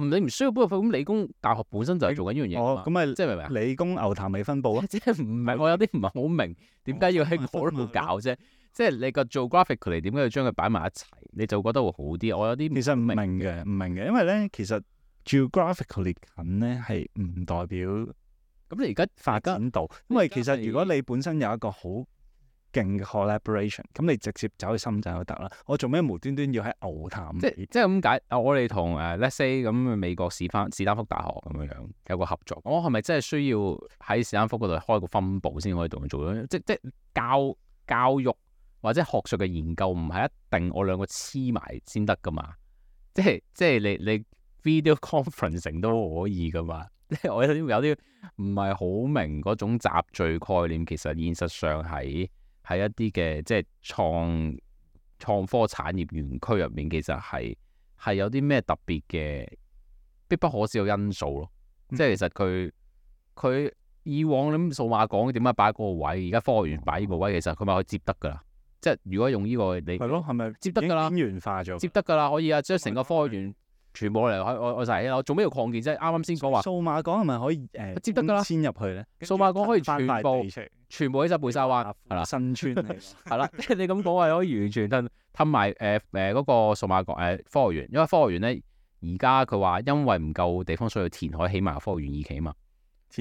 Speaker 2: 唔，你唔需要。不過咁，理工大學本身就係做緊呢樣嘢。哦，咁啊，即係明唔明？理工牛潭尾分部啊！即係唔係？ 我有啲唔係好明點解要喺嗰度搞啫？即係你個 geographically，點解要將佢擺埋一齊？你就覺得會好啲。我有啲其實唔明
Speaker 1: 嘅，唔明嘅，因為咧，其實 geographically 近咧，係唔代表咁你而家發緊度。因為其實如果你本身有一個好勁嘅 collaboration，咁你直接走去深圳就得啦。我做咩無端端，端要喺牛潭尾？即即係咁解，
Speaker 2: 我我哋同誒、uh, let's say 咁美國史，史丹福大學咁樣樣有個合作，我係咪真係需要喺史丹福嗰度開個分部先可以同佢做到？即即教教育或者學術嘅研究唔係一定我兩個黐埋先得噶嘛？即即係你你 video conferencing 都可以噶嘛？即我有啲唔係好明嗰種集聚概念，其實現實上係。喺一啲嘅即係創創科產業園區入面，其實係係有啲咩特別嘅必不可少嘅因素咯。嗯、即係其實佢佢以往諗數碼港點解擺嗰個位，而家科學園擺呢個位，其實佢咪可以接得㗎喇。嗯、即係如果用呢、呢個你係咯，係咪接得㗎喇？已經化咗，接得㗎喇，可以啊，將成個科學園。全部嚟我我開晒啦！我做咩要擴建啫？啱啱先講話數
Speaker 1: 碼港係咪可以誒接得噶啦？先入去咧，數碼港可以全部
Speaker 2: 全部喺晒貝沙灣係啦，新村係啦。你咁講話可以完全吞吞埋誒誒嗰個數碼港誒科學園，因為科學園咧而家佢話因為唔夠地方，所以填海起埋個科學園二期啊嘛。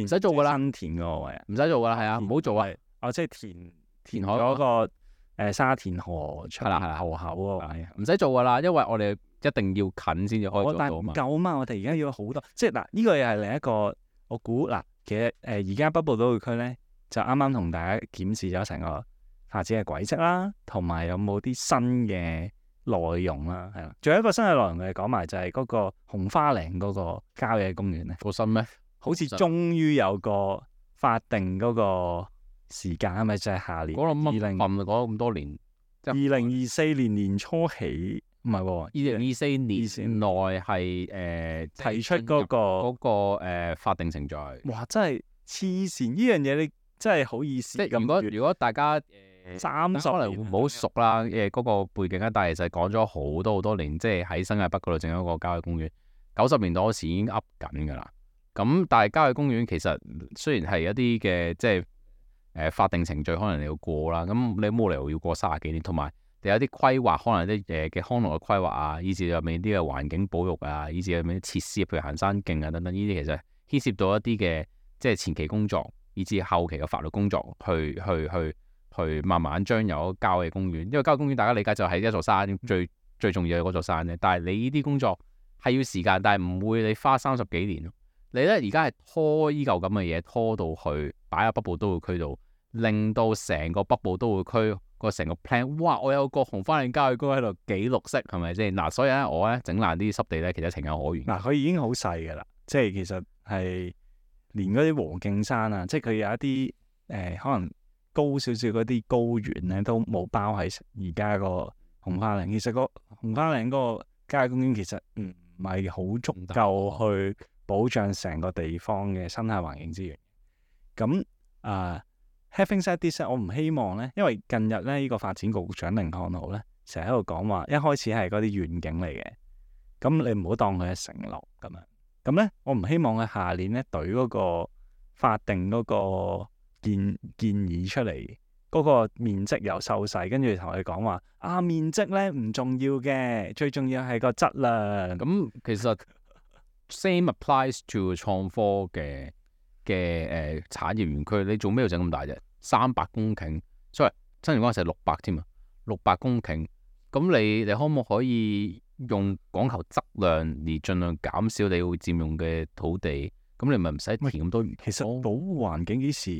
Speaker 2: 唔使做噶啦，新填嗰個位，唔使做噶啦，係啊，唔好做啊！哦，即係填填海嗰個。
Speaker 1: 誒、呃、沙田河出啦係啦，河口，唔使的的做噶啦，因為我哋一定要近先至可以做到。但係唔夠啊嘛，我哋而家要好多，即係嗱，呢、呃這個又係另一個，我估嗱、呃，其實誒而家北部都會區咧，就啱啱同大家檢視咗成個發展嘅軌跡啦，同埋有冇啲新嘅內容啦，係啦。仲有一個新嘅內容嘅講埋，就係嗰個紅花嶺嗰個郊野公園咧，個新咩嗎？好似終於有個法定嗰、那個。時間係咪就係下年我諗二零，唔係講咁多年。二零二四年年初起，唔係喎，二零二四年
Speaker 2: 內係誒、呃、提出嗰、嗰個嗰、嗰個呃、法定程序。哇！真係黐線，呢樣嘢你真係好意思。即係如果如果大家誒三十嚟能唔好熟啦，誒嗰、嗯、個背景啦，但係其實講咗好多好多，多年，即係喺新界北嗰度整咗個郊野公園。九十年代時已經 up 緊㗎啦。咁但係郊野公園其實雖然係一啲嘅即係。誒、呃、法定程序可能你要過啦，咁你冇理由要過三十幾年，同埋你有啲規劃，可能啲誒嘅康樂嘅規劃啊，以至入面啲嘅環境保育啊，以至入面啲設施，譬如行山徑啊等等，呢啲其實牽涉到一啲嘅即係前期工作，以至後期嘅法律工作，去去去去慢慢將有郊野公園。因為郊野公園大家理解就係一座山最最重要嘅嗰座山咧，但係你呢啲工作係要時間，但係唔會你花三十幾年咯。你咧而家係拖依嚿咁嘅嘢拖到去擺喺北部都會區度。令到成個北部都會區個成個 plan，哇！我有個紅花嶺郊野公園喺度幾綠色，係咪先？嗱、啊，所以咧我咧整爛啲
Speaker 1: 濕地咧，其實情有可原。嗱、啊，佢已經好細嘅啦，即係其實係連嗰啲禾徑山啊，即係佢有一啲誒、呃、可能高少少嗰啲高原咧，都冇包喺而家個紅花嶺。其實個紅花嶺個郊野公園其實唔係好足夠去保障成個地方嘅生態環境資源。咁啊～Having said this，我唔希望咧，因為近日咧呢、這個發展局局長甯漢豪咧，成日喺度講話，一開始係嗰啲願景嚟嘅，咁你唔好當佢係承諾咁樣。咁咧，我唔希望佢下年咧，懟嗰個法定嗰個建建議出嚟，嗰、那個面積又瘦細，跟住同佢講話啊，面積咧唔重要嘅，最重要係個質量。咁其實 same applies to 創科嘅嘅
Speaker 2: 誒產業園區，你做咩要整咁大啫？三百公頃，sorry 新田坊成六百添啊，六百公頃，咁你你可唔可以用講求質量而盡量減少你會佔用嘅土地？咁你咪唔使填咁多魚。其實
Speaker 1: 保護環境幾時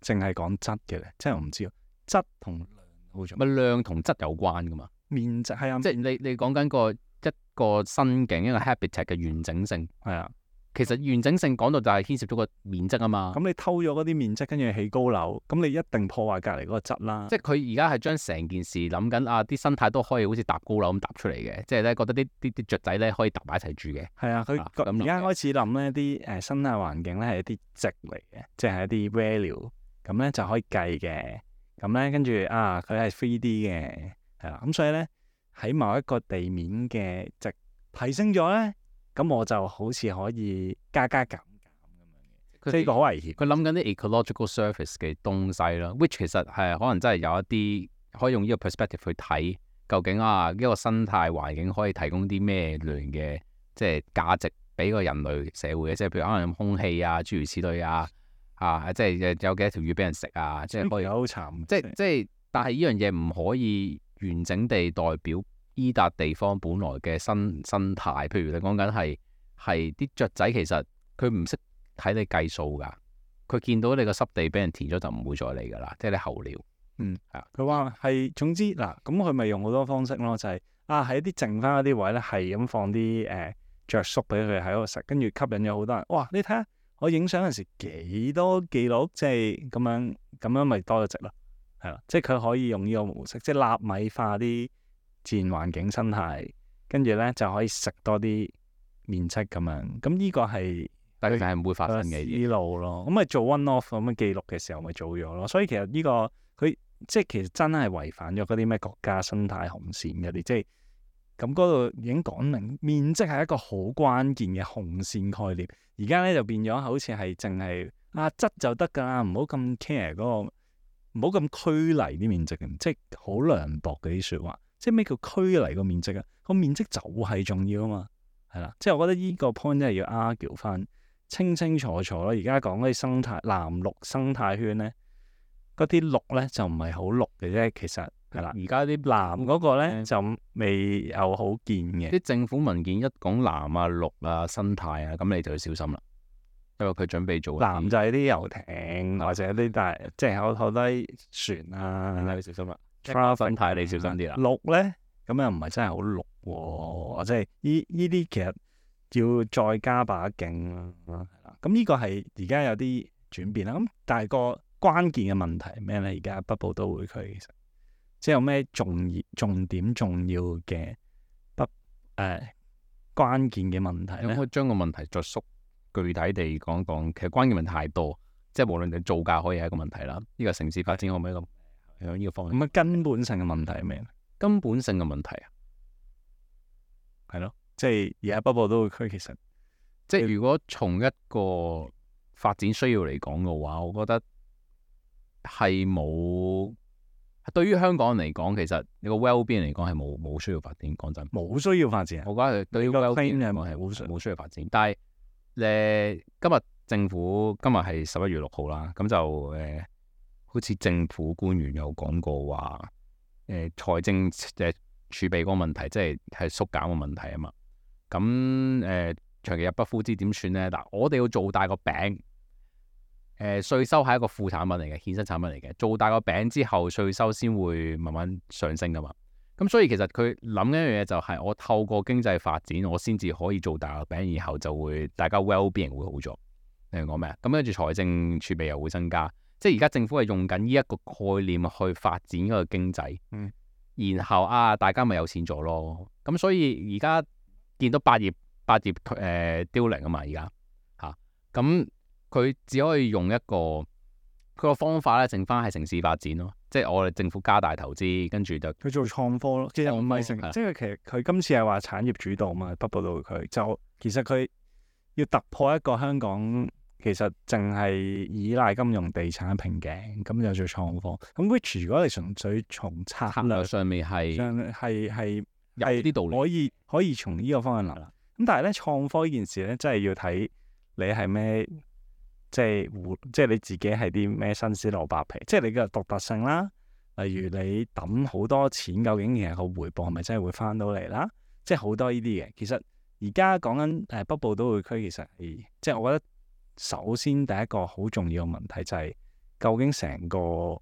Speaker 1: 淨係講質嘅咧？真係唔知啊，質同量好重要。咪量同質有關㗎嘛？面積係啊，即係你你講緊個一個新
Speaker 2: 境一個 habitat 嘅完整性係啊。其實完整性講到就係牽涉咗個面積啊嘛，咁你偷咗嗰啲面積，跟住起高樓，咁你一定破壞隔籬嗰個質啦。即係佢而家係將成件事諗緊，啊啲生態都可以好似搭高樓咁搭出嚟嘅，即係咧覺得啲啲啲雀仔咧
Speaker 1: 可以搭埋一齊住嘅。係啊，佢而家開始諗咧啲誒生態環境咧係一啲值嚟嘅，即係一啲 value，咁咧就可以計嘅。咁咧跟住啊，佢係 three D 嘅，係啦、啊。咁所以咧喺某一個地面嘅值提升咗咧。咁我就好似可以加加減減咁樣嘅，佢呢個好危
Speaker 2: 險。佢諗緊啲 ecological service 嘅東西咯，which 其實係可能真係有一啲可以用呢個 perspective 去睇，究竟啊一個生態環境可以提供啲咩類嘅即係價值俾個人類社會嘅，即係譬如可能空氣啊諸如此類啊啊，即係有有幾多條魚俾人食啊，嗯、即係可以好慘。即係即係，但係呢樣嘢唔可以完整地代表。依笪地方本來嘅生生態，譬如你講緊係係啲雀仔，其實佢唔識睇你計數㗎，
Speaker 1: 佢見到你個濕地俾人填咗就唔會再嚟㗎啦，即係你候鳥。
Speaker 2: 嗯，
Speaker 1: 係佢話係總之嗱，咁佢咪用好多方式咯，就係啊喺啲剩翻嗰啲位咧，係咁放啲誒雀粟俾佢喺度食，跟住吸引咗好多人。哇，你睇下我影相嗰陣時幾多記錄，即係咁樣咁樣咪多咗值啦，係啦，即係佢可以用呢個模式，即係納米化啲。自然環境生態，跟住咧就可以食多啲面積咁樣，咁依個係，但係係唔會發生嘅思路咯。咁咪做 one off 咁樣記錄嘅時候，咪做咗咯。所以其實呢個佢即係其實真係違反咗嗰啲咩國家生態紅線嗰啲，即係咁嗰度已經講明面積係一個好關鍵嘅紅線概念。而家咧就變咗好似係淨係啊質就得噶啦，唔好咁 care 嗰個，唔好咁拘泥啲面積嘅，即係好涼薄嗰啲説話。即係咩叫區嚟個面積啊？個面積就係重要啊嘛，係啦。即係我覺得呢個 point 真係要 argue 翻清清楚楚咯。而家講嗰啲生態藍綠生態圈咧，嗰啲綠咧就唔係好綠嘅啫。其實係啦，而家啲藍嗰個咧、嗯、就未有好見嘅。啲政府文件一
Speaker 2: 講藍啊、綠啊、生態啊，咁你就要小心啦，因為佢準備做藍就係
Speaker 1: 啲遊艇，或者啲大、嗯、即係好好低船啊，你要、嗯、小心啦。翻太 Travel 你小心啲啦。綠咧，咁又唔係真係好綠喎，即係呢依啲其實要再加把勁啦、啊。咁呢個係而家有啲轉變啦。咁但係個關鍵嘅問題係咩咧？而家北部都會區其實即係有咩重要重點重要嘅北誒關鍵嘅問題。你可以將個問題作焦，具體地講講。其實關鍵問題太多，
Speaker 2: 即係無論你造價可以係一個問題啦。呢、這個城市發展可唔可以咁？兩個方向。咁啊，根本性嘅問題係咩？根本性嘅問題啊，係咯，即係而家北部都會區，其實即係如果從一個發展需要嚟講嘅話，我覺得係冇，對於香港人嚟講，其實你個 well being 嚟講係冇冇需要發展。講真，冇需要發展。我覺得對於 well being 嚟講係冇冇需要發展。但係誒，今日政府今日係十一月六號啦，咁就誒。呃好似政府官員有講過話，誒、呃、財政誒儲備嗰個問題，即係係縮減個問題啊嘛。咁誒、呃、長期入不敷支點算咧？嗱，我哋要做大個餅，誒、呃、稅收係一個副產品嚟嘅，衍生產品嚟嘅。做大個餅之後，稅收先會慢慢上升噶嘛。咁所以其實佢諗一樣嘢，就係我透過經濟發展，我先至可以做大個餅，以後就會大家 wellbeing 會好咗。你明講咩啊？咁跟住財政儲備又會增加。即係而家政府係用緊呢一個概念去發展呢個經濟，嗯、然後啊，大家咪有錢做咯。咁、嗯、所以而家見到百業百業誒凋零啊嘛，而家吓咁，佢、啊啊嗯、只可以用一個佢個方法咧，剩翻係城市發展咯。即係我哋政府加大投資，
Speaker 1: 跟住就佢做創科咯。其實唔係成，即係其實佢今次係話產業主導嘛，北部都佢就其實佢要突破一個香港。其實淨係依賴金融地產瓶頸，咁就做創科。咁 which 如果你純粹從策略，策略上面係係係係有啲道理，可以可以從呢個方向諗。咁、嗯、但係咧創科呢件事咧，真係要睇你係咩，即係即係你自己係啲咩新鮮蘿蔔皮，即係你嘅獨特性啦。例如你抌好多錢，究竟其實個回報係咪真係會翻到嚟啦？即係好多呢啲嘢。其實而家講緊誒北部都會區，其實係即係我覺得。首先第一個好重要嘅問題就係，究竟成個誒、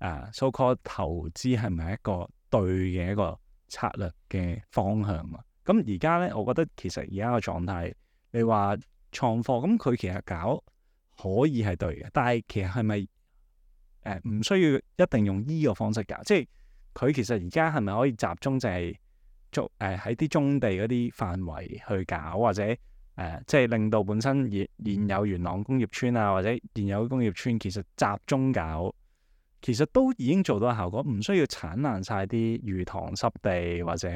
Speaker 1: uh, so call 投資係咪一個對嘅一個策略嘅方向啊？咁而家咧，我覺得其實而家個狀態，你話創貨咁佢其實搞可以係對嘅，但係其實係咪誒唔需要一定用呢個方式搞？即係佢其實而家係咪可以集中淨係中誒喺啲棕地嗰啲範圍去搞或者？誒、啊，即係令到本身現現有元朗工業村啊，或者現有工業村，其實集中搞，其實都已經做到效果，唔需要剷爛晒啲魚塘濕地或者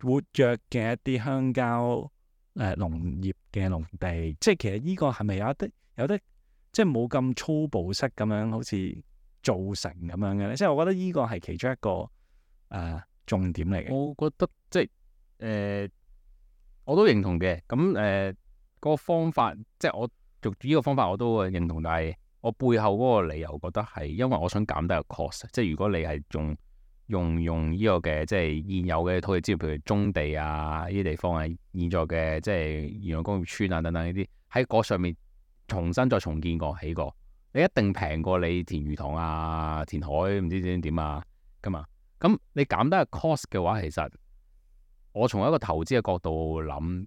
Speaker 1: 活躍嘅一啲鄉郊誒農業嘅農地。即係其實呢個係咪有得有得，即係冇咁粗暴式咁樣，好似造成咁樣嘅咧？即係我覺得呢個係其中一個誒、呃、重點嚟嘅。我覺得即係誒。呃
Speaker 2: 我都認同嘅，咁誒嗰個方法，即係我用依個方法我都認同，但係我背後嗰個理由覺得係因為我想減低個 cost。即係如果你係用用用依個嘅，即係現有嘅土地資源，譬如棕地啊，呢啲地方啊，現在嘅即係元朗工業村啊等等呢啲，喺個上面重新再重建過起過，你一定平過你填魚塘啊、填海唔知點點啊㗎嘛。咁你減低個 cost 嘅話，其實。我從一個投資嘅角度諗，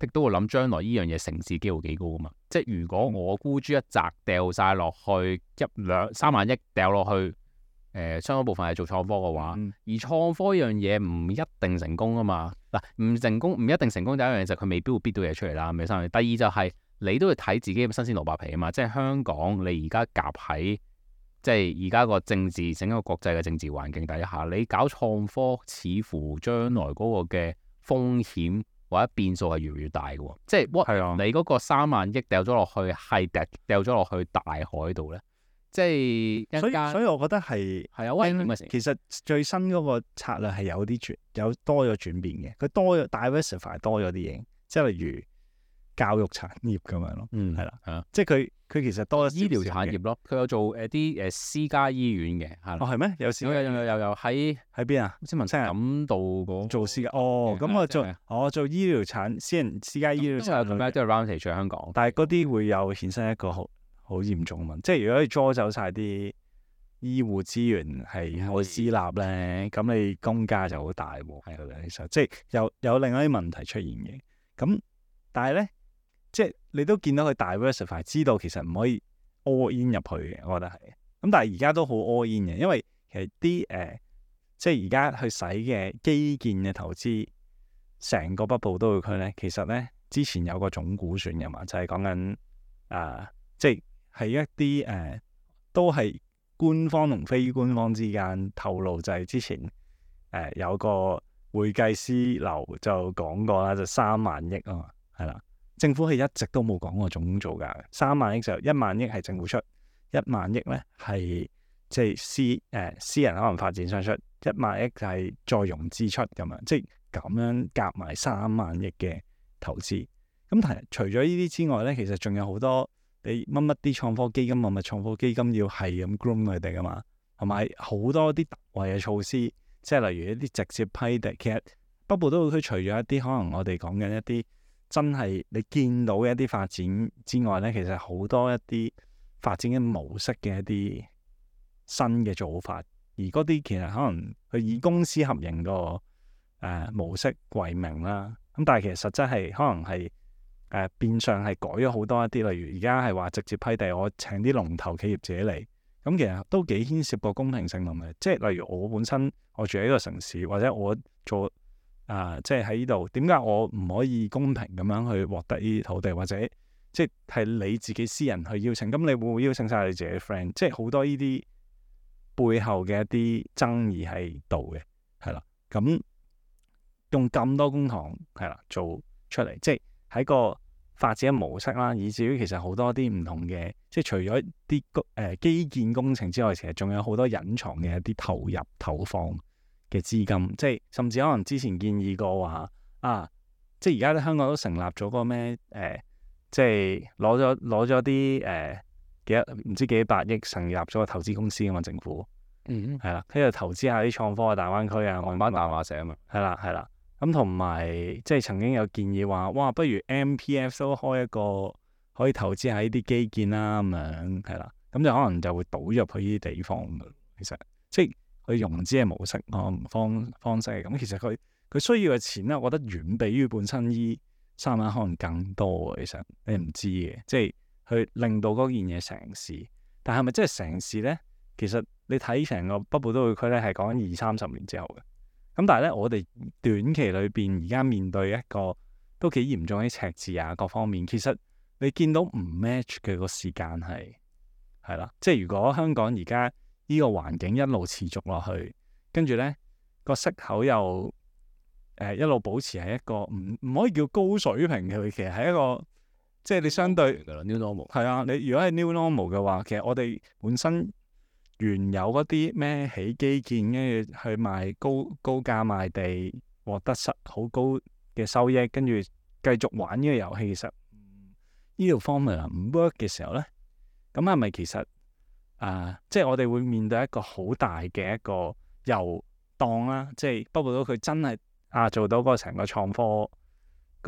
Speaker 2: 亦都會諗將來呢樣嘢成事機會幾高㗎嘛。即係如果我孤注一擲，掉晒落去一兩三萬億，掉落去誒相當部分係做創科嘅話，嗯、而創科呢樣嘢唔一定成功啊嘛。嗱，唔成功唔一定成功，第一樣嘢就係佢未必會 bit 到嘢出嚟啦。第二就係你都要睇自己嘅新鮮蘿蔔皮啊嘛。即係香港你而家夾喺。即係而家個政治，整個國際嘅政治環境底下，你搞創科似乎將來嗰個嘅風險或者變數係越嚟越大嘅喎。即係係、啊、你嗰個三萬億掉咗落去係掉掉
Speaker 1: 咗落去大海度咧？即係所以所以，所以我覺得係係啊，威。其實最新嗰個策略係有啲轉，有多咗轉變嘅。佢多咗 diversify，多咗啲嘢，即係例如。教育產業咁樣咯，嗯，係啦，係啊，即係佢佢其實多咗醫療產業咯，佢有做誒啲誒私家醫院嘅，係，哦係咩？有時有有有有喺喺邊啊？好似文景道度做私家哦，咁我做我做醫療產私人私家醫療，即係 connect around 香港，但係嗰啲會有衍生一個好好嚴重嘅問，即係如果你捉走晒啲醫護資源係我私立咧，咁你公家就好大喎，係其實即係又有另一啲問題出現嘅，咁但係咧。即係你都見到佢 diversify 知道其實唔可以 all in 入去嘅，我覺得係。咁但係而家都好 all in 嘅，因為其實啲誒、呃，即係而家去使嘅基建嘅投資，成個北部都會區咧，其實咧之前有個總估算嘅嘛，就係、是、講緊誒、呃，即係喺一啲誒、呃，都係官方同非官方之間透露，就係之前誒、呃、有個會計師樓就講過啦，就三萬億啊嘛，係啦。政府係一直都冇講過總造價，三萬億就一、是、萬億係政府出，一萬億咧係即係私誒、呃、私人可能發展商出，一萬億就係再融資出咁樣，即係咁樣夾埋三萬億嘅投資。咁、嗯、但係除咗呢啲之外咧，其實仲有好多你乜乜啲創科基金、啊？咪創科基金要係咁 groom 佢哋啊嘛，同埋好多啲特惠嘅措施，即係例如一啲直接批地，其實北部都會區除咗一啲可能我哋講緊一啲。真係你見到嘅一啲發展之外呢，其實好多一啲發展嘅模式嘅一啲新嘅做法，而嗰啲其實可能佢以公司合營個誒模式為名啦，咁但係其實實質係可能係誒、呃、變相係改咗好多一啲，例如而家係話直接批地，我請啲龍頭企業自己嚟，咁、嗯、其實都幾牽涉個公平性能嘅，即係例如我本身我住喺一個城市，或者我做。啊，即係喺呢度，點解我唔可以公平咁樣去獲得呢啲土地，或者即係你自己私人去邀請，咁你會唔會邀請晒你自己嘅 friend？即係好多呢啲背後嘅一啲爭議喺度嘅，係啦，咁、嗯、用咁多公帑係啦做出嚟，即係喺個發展嘅模式啦，以至於其實好多啲唔同嘅，即係除咗啲誒基建工程之外，其實仲有好多隱藏嘅一啲投入投放。嘅資金，即係甚至可能之前建議過話啊，即係而家香港都成立咗個咩誒、呃，即係攞咗攞咗啲誒幾多唔知幾百億成立咗個投資公司啊嘛，政府嗯、嗯，係啦，跟住投資下啲創科啊，大灣區啊，外班大話社啊嘛，係啦係啦，咁同埋即係曾經有建議話，哇，不如 M P F 都開一個可以投資喺啲基建啦咁樣，係啦，咁就、嗯嗯、可能就會倒入去呢啲地方，其實即係。佢融資嘅模式咯，方，方式咁，其實佢佢需要嘅錢咧，我覺得遠比於本身依三萬可能更多。其實你唔知嘅，即係去令到嗰件嘢成事，但係咪真係成事咧？其實你睇成個北部都會區咧，係講二三十年之後嘅。咁但係咧，我哋短期裏邊而家面對一個都幾嚴重嘅赤字啊，各方面。其實你見到唔 match 嘅個時間係係啦，即係如果香港而家。呢個環境一路持續落去，跟住咧個息口又誒、呃、一路保持係一個唔唔可以叫高水平嘅，佢其實係一個即係你相對 New normal 係啊，你如果係 new normal 嘅話，其實我哋本身原有嗰啲咩起基建，跟住去賣高高價賣地，獲得收好高嘅收益，跟住繼續玩呢個遊戲，其實呢條 formula 唔 work 嘅時候咧，咁係咪其實？啊，即係我哋會面對一個好大嘅一個遊蕩啦，即係包括到佢真係啊做到嗰成個創科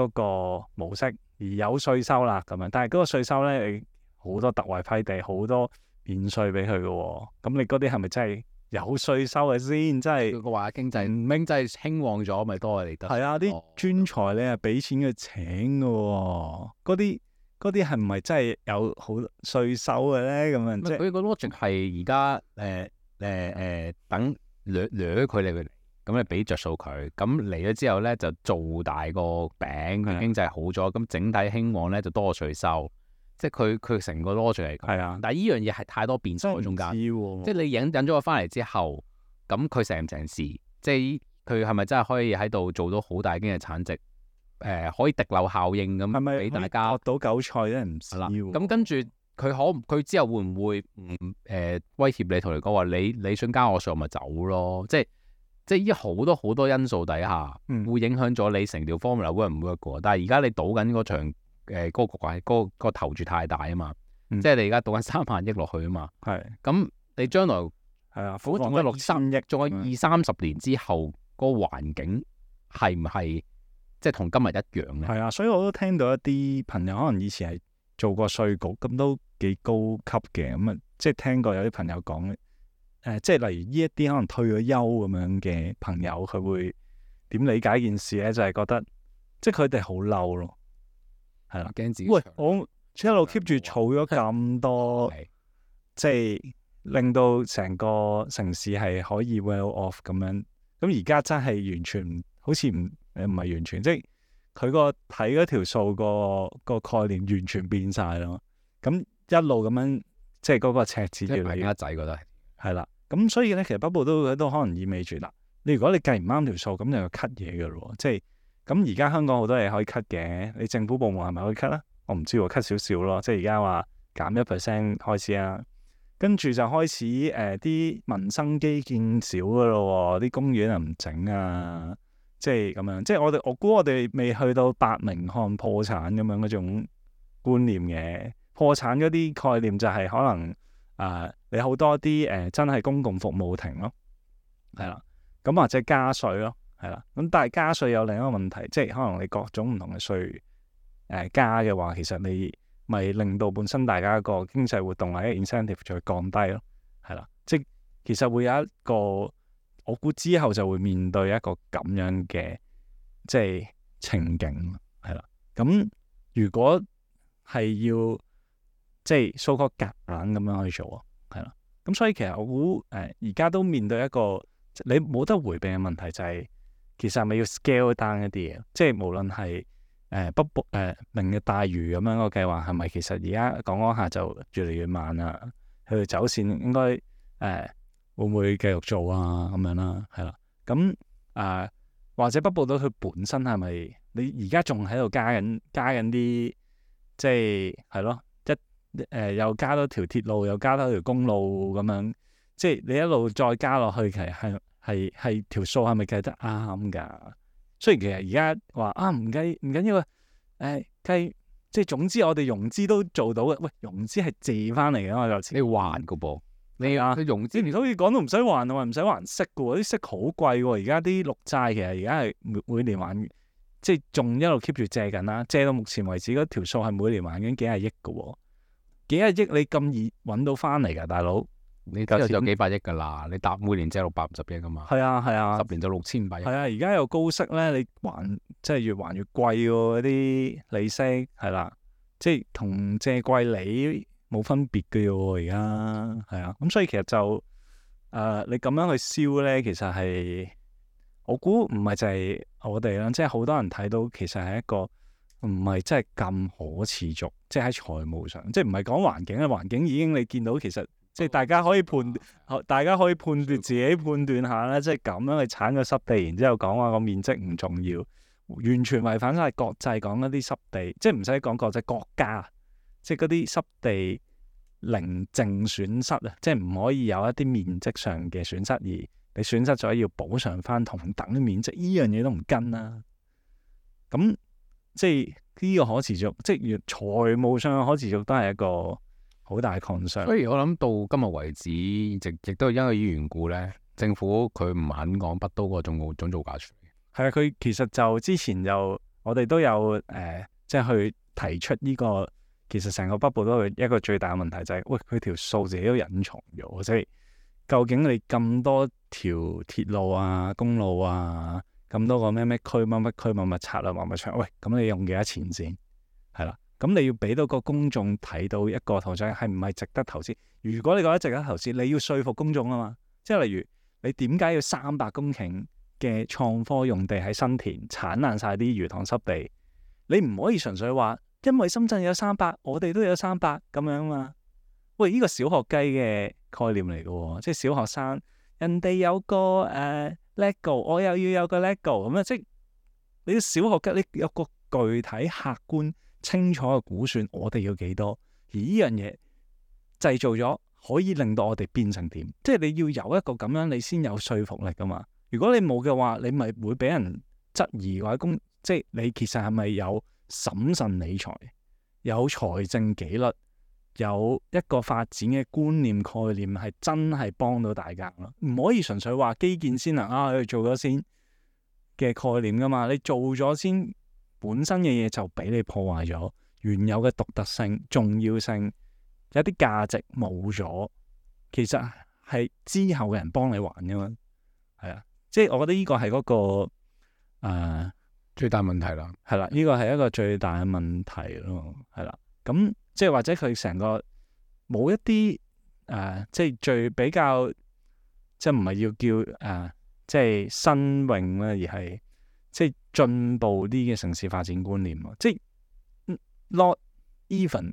Speaker 1: 嗰個模式而有稅收啦咁樣，但係嗰個稅收咧，你好多特惠批地，好多免稅俾佢噶咁你嗰啲係咪真係有稅收嘅先？真係個話經濟唔明，真係興旺咗咪，就是多嚟得多？係啊，啲專才你係俾錢佢請噶，嗰啲。嗰啲係唔係真係有好稅收嘅咧？咁啊，即係佢個 logic 係而家誒誒誒等
Speaker 2: 掠掠佢哋嘅，咁啊俾着數佢。咁嚟咗之後咧，就做大個餅，的經濟好咗，咁整體興旺咧就多稅收。即係佢佢成個 logic 係咁。係啊的，但係依樣嘢係太多變數中間。啊、即係你引引咗佢翻嚟之後，咁佢成唔成事？即係佢係咪真係可以喺度做到好大經濟嘅產值？誒、呃，可以滴漏效應咁，係咪俾大家學到韭菜咧唔少。咁、嗯、跟住佢可佢之後會唔會唔誒、呃、威脅你同你講話？你想、嗯、你，你想加我稅咪走咯？即係即係依好多好多因素底下，會影響咗你成條 formula 股唔會一個，呃那個那個。但係而家你賭緊嗰場誒嗰個局係嗰個個投注太大啊嘛，即係你而家賭緊三萬億落去啊嘛。係咁、嗯、你將來係啊，好仲有六三億，仲有二三十年之後，那個環境係唔係？即係同今日一
Speaker 1: 樣嘅，係 啊，所以我都聽到一啲朋友可能以前係做過稅局，咁都幾高級嘅，咁、嗯、啊，即係聽過有啲朋友講，誒、呃，即係例如呢一啲可能退咗休咁樣嘅朋友，佢會點理解一件事咧？就係、是、覺得，即係佢哋好嬲咯，係啦、啊，驚自己喂，我一路 keep 住儲咗咁多，即係、嗯嗯、令到成個城市係可以 well off 咁樣，咁而家真係完全好似唔。誒，唔係完全，即係佢個睇嗰條數個個概念完全變晒咯。咁一路咁樣，即係嗰個赤字要係而家仔覺得係啦。咁所以咧，其實北部都都可能意味住嗱，你如果你計唔啱條數，咁你就要 cut 嘢噶咯。即係咁而家香港好多嘢可以 cut 嘅，你政府部門係咪可以 cut 啊？我唔知喎，cut 少，少少咯。即係而家話減一 percent 開始啊，跟住就開始誒、啲、呃、民生基建少噶咯，啲公園又唔整啊。即係咁樣，即係我哋我估我哋未去到八名漢破產咁樣嗰種觀念嘅，破產嗰啲概念就係可能誒、呃，你好多啲誒、呃、真係公共服務停咯，係啦，咁或者加稅咯，係啦，咁但係加稅有另一個問題，即係可能你各種唔同嘅稅誒、呃、加嘅話，其實你咪令到本身大家個經濟活動或者 incentive 再降低咯，係啦，即係其實會有一個。我估之後就會面對一個咁樣嘅即係情景，係啦。咁如果係要即係 so call 夾硬咁樣去做啊，係啦。咁所以其實我估誒而家都面對一個你冇得回避嘅問題，就是，就係其實係咪要 scale down 一啲嘢？即係無論係誒北部誒、呃、明日大嶼咁樣個計劃，係咪其實而家講講下就越嚟越慢啦？佢走線應該誒？呃會唔會繼續做啊？咁樣啦、啊，係啦，咁、嗯、誒、啊，或者北部都佢本身係咪？你而家仲喺度加緊加緊啲，即係係咯，一誒、呃、又加多條鐵路，又加多條公路咁樣，即係你一路再加落去，其實係係係條數係咪計得啱噶？雖然其實而家話啊唔計唔緊要啊，誒計、啊、即係總之我哋融資都做到嘅。喂，融資係借翻嚟嘅嘛，就似你還嘅噃。你啊，融資唔好似講到唔使還同埋唔使還息嘅喎，啲息好貴喎。而家啲綠債其實而家係每每年還，即係仲一路 keep 住借緊啦。借到目前為止嗰條數係每年還緊幾廿億嘅喎，幾廿億你咁易揾到翻嚟㗎，大佬？你夠先有幾
Speaker 2: 百億㗎啦，前你搭每年借六百五十億㗎嘛？
Speaker 1: 係啊，係啊，十年就六千五百億。係啊，而家有高息咧，你還即係越還越貴喎，嗰啲利息係啦、啊，即係同借貴利。冇分別嘅喎，而家係啊，咁、啊嗯、所以其實就誒、呃，你咁樣去燒咧，其實係我估唔係就係我哋啦，即係好多人睇到，其實係一個唔係真係咁可持續，即係喺財務上，即係唔係講環境咧，環境已經你見到，其實即係大家可以判，大家可以判斷自己判斷下咧，即係咁樣去鏟個濕地，然之後講話個面積唔重要，完全違反晒國際講一啲濕地，即係唔使講國際國家。即係嗰啲濕地零淨損失啊，即係唔可以有一啲面積上嘅損失，而你損失咗要補償返同等嘅面積，依、這個、樣嘢都唔跟啦。咁即係呢、這個可持續，即係財務上可持續都係一個好大嘅 concern。所以
Speaker 2: 我諗到今日為止，亦亦都因為呢個緣故咧，政府佢
Speaker 1: 唔肯講北都個總總造價錢。係啊，佢其實就之前就我哋都有誒、呃，即係去提出呢、這個。其實成個北部都係一個最大嘅問題，就是，就係喂佢條數字都隱藏咗，即係究竟你咁多條鐵路啊、公路啊，咁多個咩咩區、乜乜區、乜乜拆啊、乜乜拆，喂，咁你用幾多錢先？係啦，咁你要俾到個公眾睇到一個，頭先係唔係值得投資？如果你覺得值得投資，你要說服公眾啊嘛。即係例如你點解要三百公頃嘅創科用地喺新田鏟爛晒啲魚塘濕地？你唔可以純粹話。因為深圳有三百，我哋都有三百咁樣嘛。喂，呢、這個小學雞嘅概念嚟嘅。哦，即係小學生，人哋有個誒、uh, lego，我又要有個 lego 咁啊。即係你小學雞你有個具體客觀清楚嘅估算，我哋要幾多？而呢樣嘢製造咗，可以令到我哋變成點？即係你要有一個咁樣，你先有說服力噶嘛。如果你冇嘅話，你咪會俾人質疑或者公，即係你其實係咪有？審慎理財，有財政紀律，有一個發展嘅觀念概念係真係幫到大家啦。唔可以純粹話基建先能啊，佢做咗先嘅概念噶嘛。你做咗先，本身嘅嘢就俾你破壞咗原有嘅獨特性、重要性，有啲價值冇咗。其實係之後嘅人幫你還噶嘛。係啊，即係我覺得呢個係嗰、那個誒。呃最大問題啦，係啦，呢個係一個最大嘅問題咯，係啦，咁即係或者佢成個冇一啲誒，即係最比較即係唔係要叫誒，即係新穎啦，而係即係進步啲嘅城市發展觀念啊，即係 not even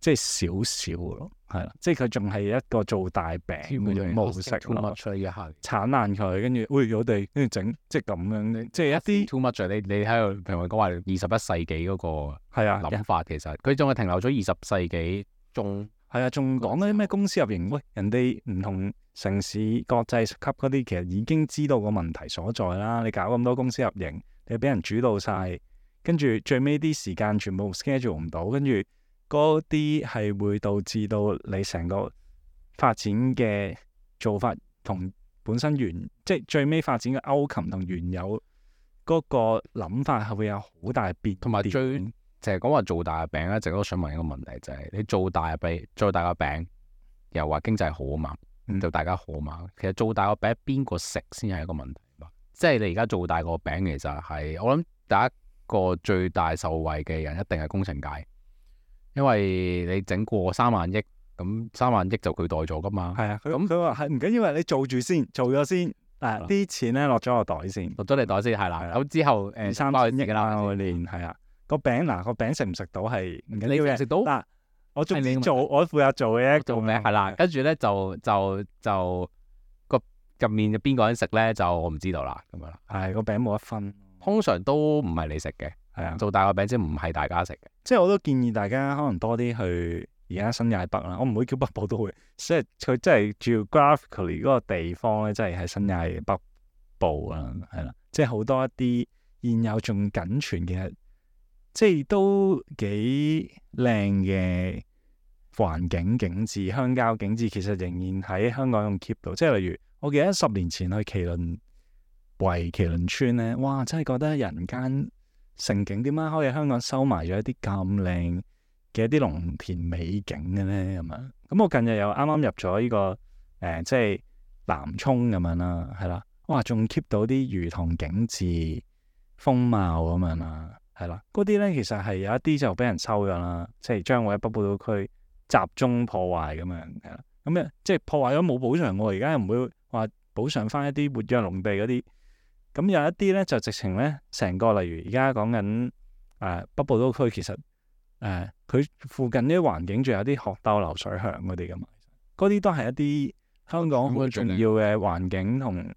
Speaker 1: 即係少少咯。係啦，即係佢仲係一個做大餅模式咯，to market 係，產爛佢，跟住，喂的，我哋跟住整，即係咁樣你即係一啲 too much 你你喺度譬如我講話二
Speaker 2: 十一世紀嗰
Speaker 1: 個係啊諗
Speaker 2: 法，其實佢仲係停留咗二十
Speaker 1: 世紀仲係啊，仲講嗰啲咩公司入營，喂，人哋唔同城市國際級嗰啲，其實已經知道個問題所在啦。你搞咁多公司入營，你俾人主導晒，跟住最尾啲時間全部 schedule 唔到，跟住。嗰啲係會導致到你成個發展嘅做法同本身原即係、就是、最尾發展嘅歐琴同原有嗰、那個諗法係會有好大
Speaker 2: 變，同埋最淨係講話做大個餅啊。一直都想問一個問題就係、是、你做大個餅，做大個餅又話經濟好啊嘛，就大家好嘛。其實做大個餅邊個食先係一個問題嘛？即、就、係、是、你而家做大個餅，其實係我諗第一個最大受惠嘅人一定係工程界。因為你整過三萬億，
Speaker 1: 咁三萬億就佢袋咗噶嘛。係啊，咁佢話係唔緊要，係你做住先，做咗先，嗱啲錢咧落咗個袋先，落咗你袋先係啦。咁之後誒，三萬億啦，我會練係啊，個餅嗱個餅食唔食到係唔緊要，食到嗱我仲你做，我負責
Speaker 2: 做嘅，做咩係啦？跟住咧就就就個入面邊個人食咧就我唔知道啦，咁樣啦。係個餅冇一分，通常都唔係你食嘅。做
Speaker 1: 大個餅即唔係大家食嘅，即係我都建議大家可能多啲去而家新界北啦。我唔會叫北部都會，即係佢即係 geographically 嗰個地方咧，即係喺新界北部啊，係啦。即係好多一啲現有仲僅存嘅，即係都幾靚嘅環境景緻、鄉郊景緻，其實仍然喺香港用 keep 到。即係例如，我記得十年前去麒麟圍麒麟村咧，哇！真係覺得人間～城景點解可以香港收埋咗一啲咁靚嘅一啲農田美景嘅咧咁樣？咁我近日又啱啱入咗依、這個誒、呃，即係南沖咁樣啦，係啦，哇，仲 keep 到啲魚塘景緻風貌咁樣啦，係啦，嗰啲咧其實係有一啲就俾人收咗啦，即係將會喺北部都區集中破壞咁樣，咁咧、嗯、即係破壞咗冇補償喎，而家又唔會話補償翻一啲活躍農地嗰啲。咁、嗯、有一啲咧，就直情咧，成個例如而家講緊誒北部都區，其實誒佢、呃、附近啲環境仲有啲鶴藪流水響嗰啲噶嘛。嗰啲都係一啲香港好重要嘅環境同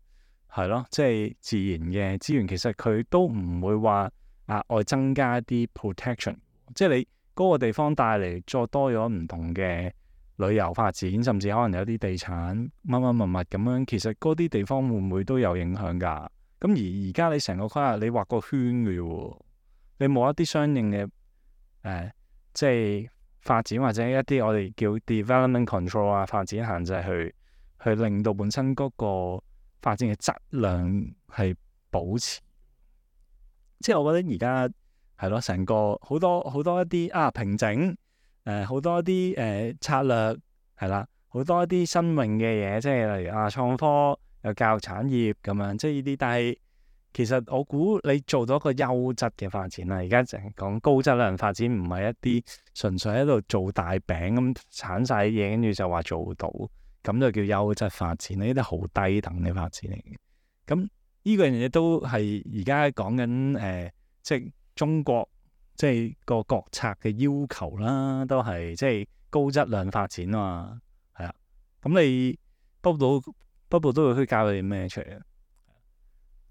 Speaker 1: 係咯，即係、嗯嗯就是、自然嘅資源。其實佢都唔會話額外增加啲 protection，即係你嗰個地方帶嚟再多咗唔同嘅旅遊發展，甚至可能有啲地產乜乜物物咁樣。其實嗰啲地方會唔會都有影響㗎？咁而而家你成個規劃，哦，你畫個圈嘅喎，你冇一啲相應嘅誒、呃，即係發展或者一啲我哋叫 development control 啊，發展限制去去令到本身嗰個發展嘅質量係保持。即係我覺得而家係咯，成個好多好多一啲啊平整誒，好、啊、多一啲誒、呃、策略係啦，好多一啲新穎嘅嘢，即係例如啊創科。有教育產業咁樣，即係呢啲，但係其實我估你做到一個優質嘅發展啦。而家淨係講高質量發展，唔係一啲純粹喺度做大餅咁鏟曬嘢，跟住就話做到，咁就叫優質發展。呢啲好低等嘅發展嚟嘅。咁呢個嘢都係而家講緊誒、呃，即係中國即係個國策嘅要求啦，都係即係高質量發展啊嘛。係啊，咁你 b o o 到？北部都會區架到啲咩出嚟啊？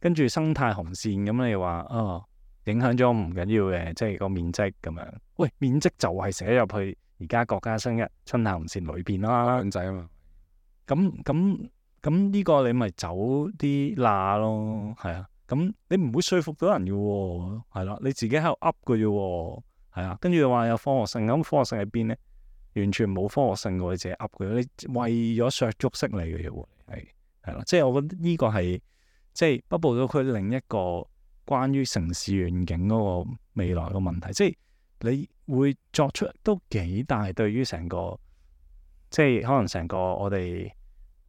Speaker 1: 跟住生態紅線咁，你話啊、哦，影響咗唔緊要嘅，即、就、係、是、個面積咁樣。喂，面積就係寫入去而家國家新嘅生態紅線裏邊啦，咁滯啊嘛。咁咁咁呢個你咪走啲罅咯，係、嗯、啊。咁你唔會說服到人嘅喎、啊，係啦、啊。你自己喺度噏嘅啫喎，係啊。跟住又話有科學性，咁科學性喺邊咧？完全冇科學性嘅嘢噏佢，你為咗削足式嚟嘅嘢，係係啦，即係我覺得呢個係即係北部都區另一個關於城市遠景嗰個未來嘅問題，即係你會作出都幾大對於成個即係可能成個我哋誒、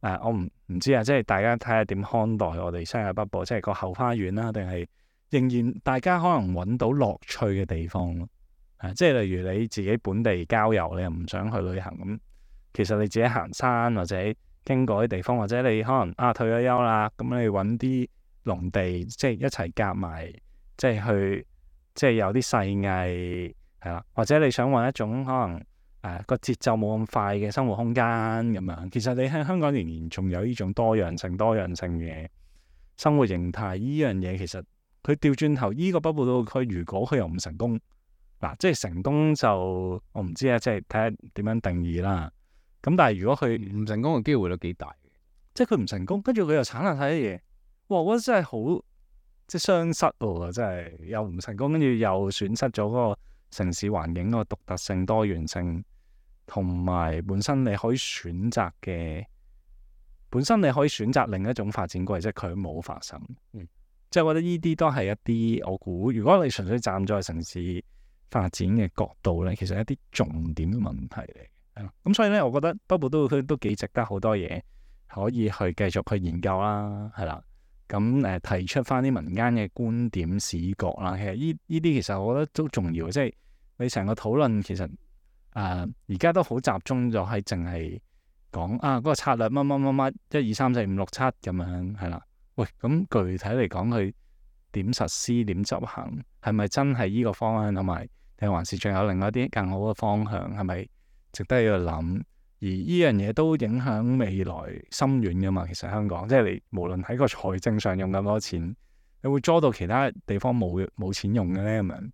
Speaker 1: 啊，我唔唔知啊，即係大家睇下點看待我哋新界北部，即係個後花園啦、啊，定係仍然大家可能揾到樂趣嘅地方咯。啊、即係例如你自己本地郊遊，你又唔想去旅行咁，其實你自己行山或者經過啲地方，或者你可能啊退咗休啦，咁、嗯、你揾啲農地，即係一齊夾埋，即係去即係有啲細藝係啦，或者你想揾一種可能誒個、啊、節奏冇咁快嘅生活空間咁樣。其實你喺香港仍然仲有呢種多樣性、多樣性嘅生活形態依樣嘢，其實佢調轉頭依個北部都會區，如果佢又唔成功。嗱、啊，即係成功就我唔知咧，即係睇下點樣定義啦。咁但係如果佢唔、嗯、成功嘅機會率幾大，即係佢唔成功，跟住佢又產量睇啲嘢，哇！我覺得真係好即係雙失喎，真係又唔成功，跟住又損失咗嗰個城市環境嗰、嗰個獨特性、多元性，同埋本身你可以選擇嘅，本身你可以選擇另一種發展軌跡，佢冇發生。嗯，即係我覺得呢啲都係一啲我估，如果你純粹站在城市。發展嘅角度咧，其實一啲重點嘅問題嚟嘅，啊，咁所以咧，我覺得北部都會都幾值得好多嘢可以去繼續去研究啦，係啦，咁、嗯、誒提出翻啲民間嘅觀點視角啦，其實依依啲其實我覺得都重要，即係你成個討論其實誒而家都好集中咗喺淨係講啊嗰、嗰個策略乜乜乜乜一二三四五六七咁樣係啦，喂，咁、嗯、具體嚟講佢點實施點執行，係咪真係依個方案？同埋？你還是仲有另外一啲更好嘅方向，係咪值得要諗？而依樣嘢都影響未來深遠嘅嘛。其實香港，即係你無論喺個財政上用咁多錢，你會捉到其他地方冇冇錢用嘅咧，咁樣。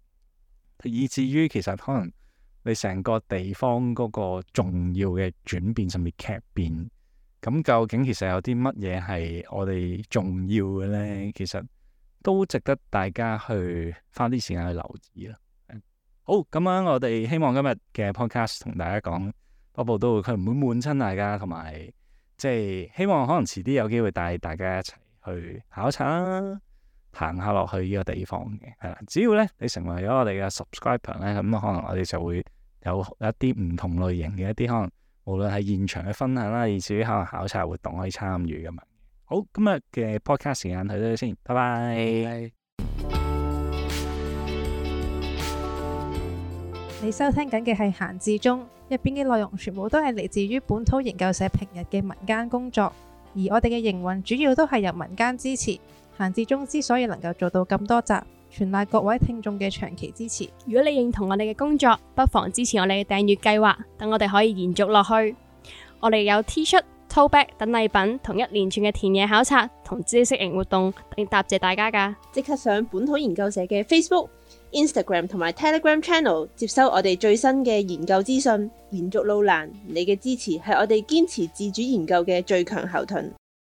Speaker 1: 以至於其實可能你成個地方嗰個重要嘅轉變，甚至劇變，咁究竟其實有啲乜嘢係我哋重要嘅咧？其實都值得大家去花啲時間去留意啦。好，咁樣我哋希望今日嘅 podcast 同大家講，北都都會佢唔會悶親大家，同埋即係希望可能遲啲有機會帶大家一齊去考察啦，行下落去呢個地方嘅係啦。只要咧你成為咗我哋嘅 subscriber 咧，咁、嗯、可能我哋就會有一啲唔同類型嘅一啲可能，無論係現場嘅分享啦，以至於可能考察活動可以參與咁樣。好，今日嘅 podcast 時間去到呢度先，拜拜。Bye bye bye. 你收聽緊嘅係《閒置中》入邊嘅內容，全部都係嚟自於本土研究社平日嘅民間工作，而我哋嘅營運主要都係由民間支持。《閒置中》之所以能夠做到咁多集，全賴各位聽眾嘅長期支持。如果你認同我哋嘅工作，不妨支持我哋嘅訂閱計劃，等我哋可以延續落去。我哋有 T 恤、tote bag 等禮品，同一連串嘅田野考察同知識型活動，嚟答謝大家噶。即刻上本土研究社嘅 Facebook。Instagram 同埋 Telegram Channel 接收我哋最新嘅研究資訊，延續路難，你嘅支持係我哋堅持自主研究嘅最強後盾。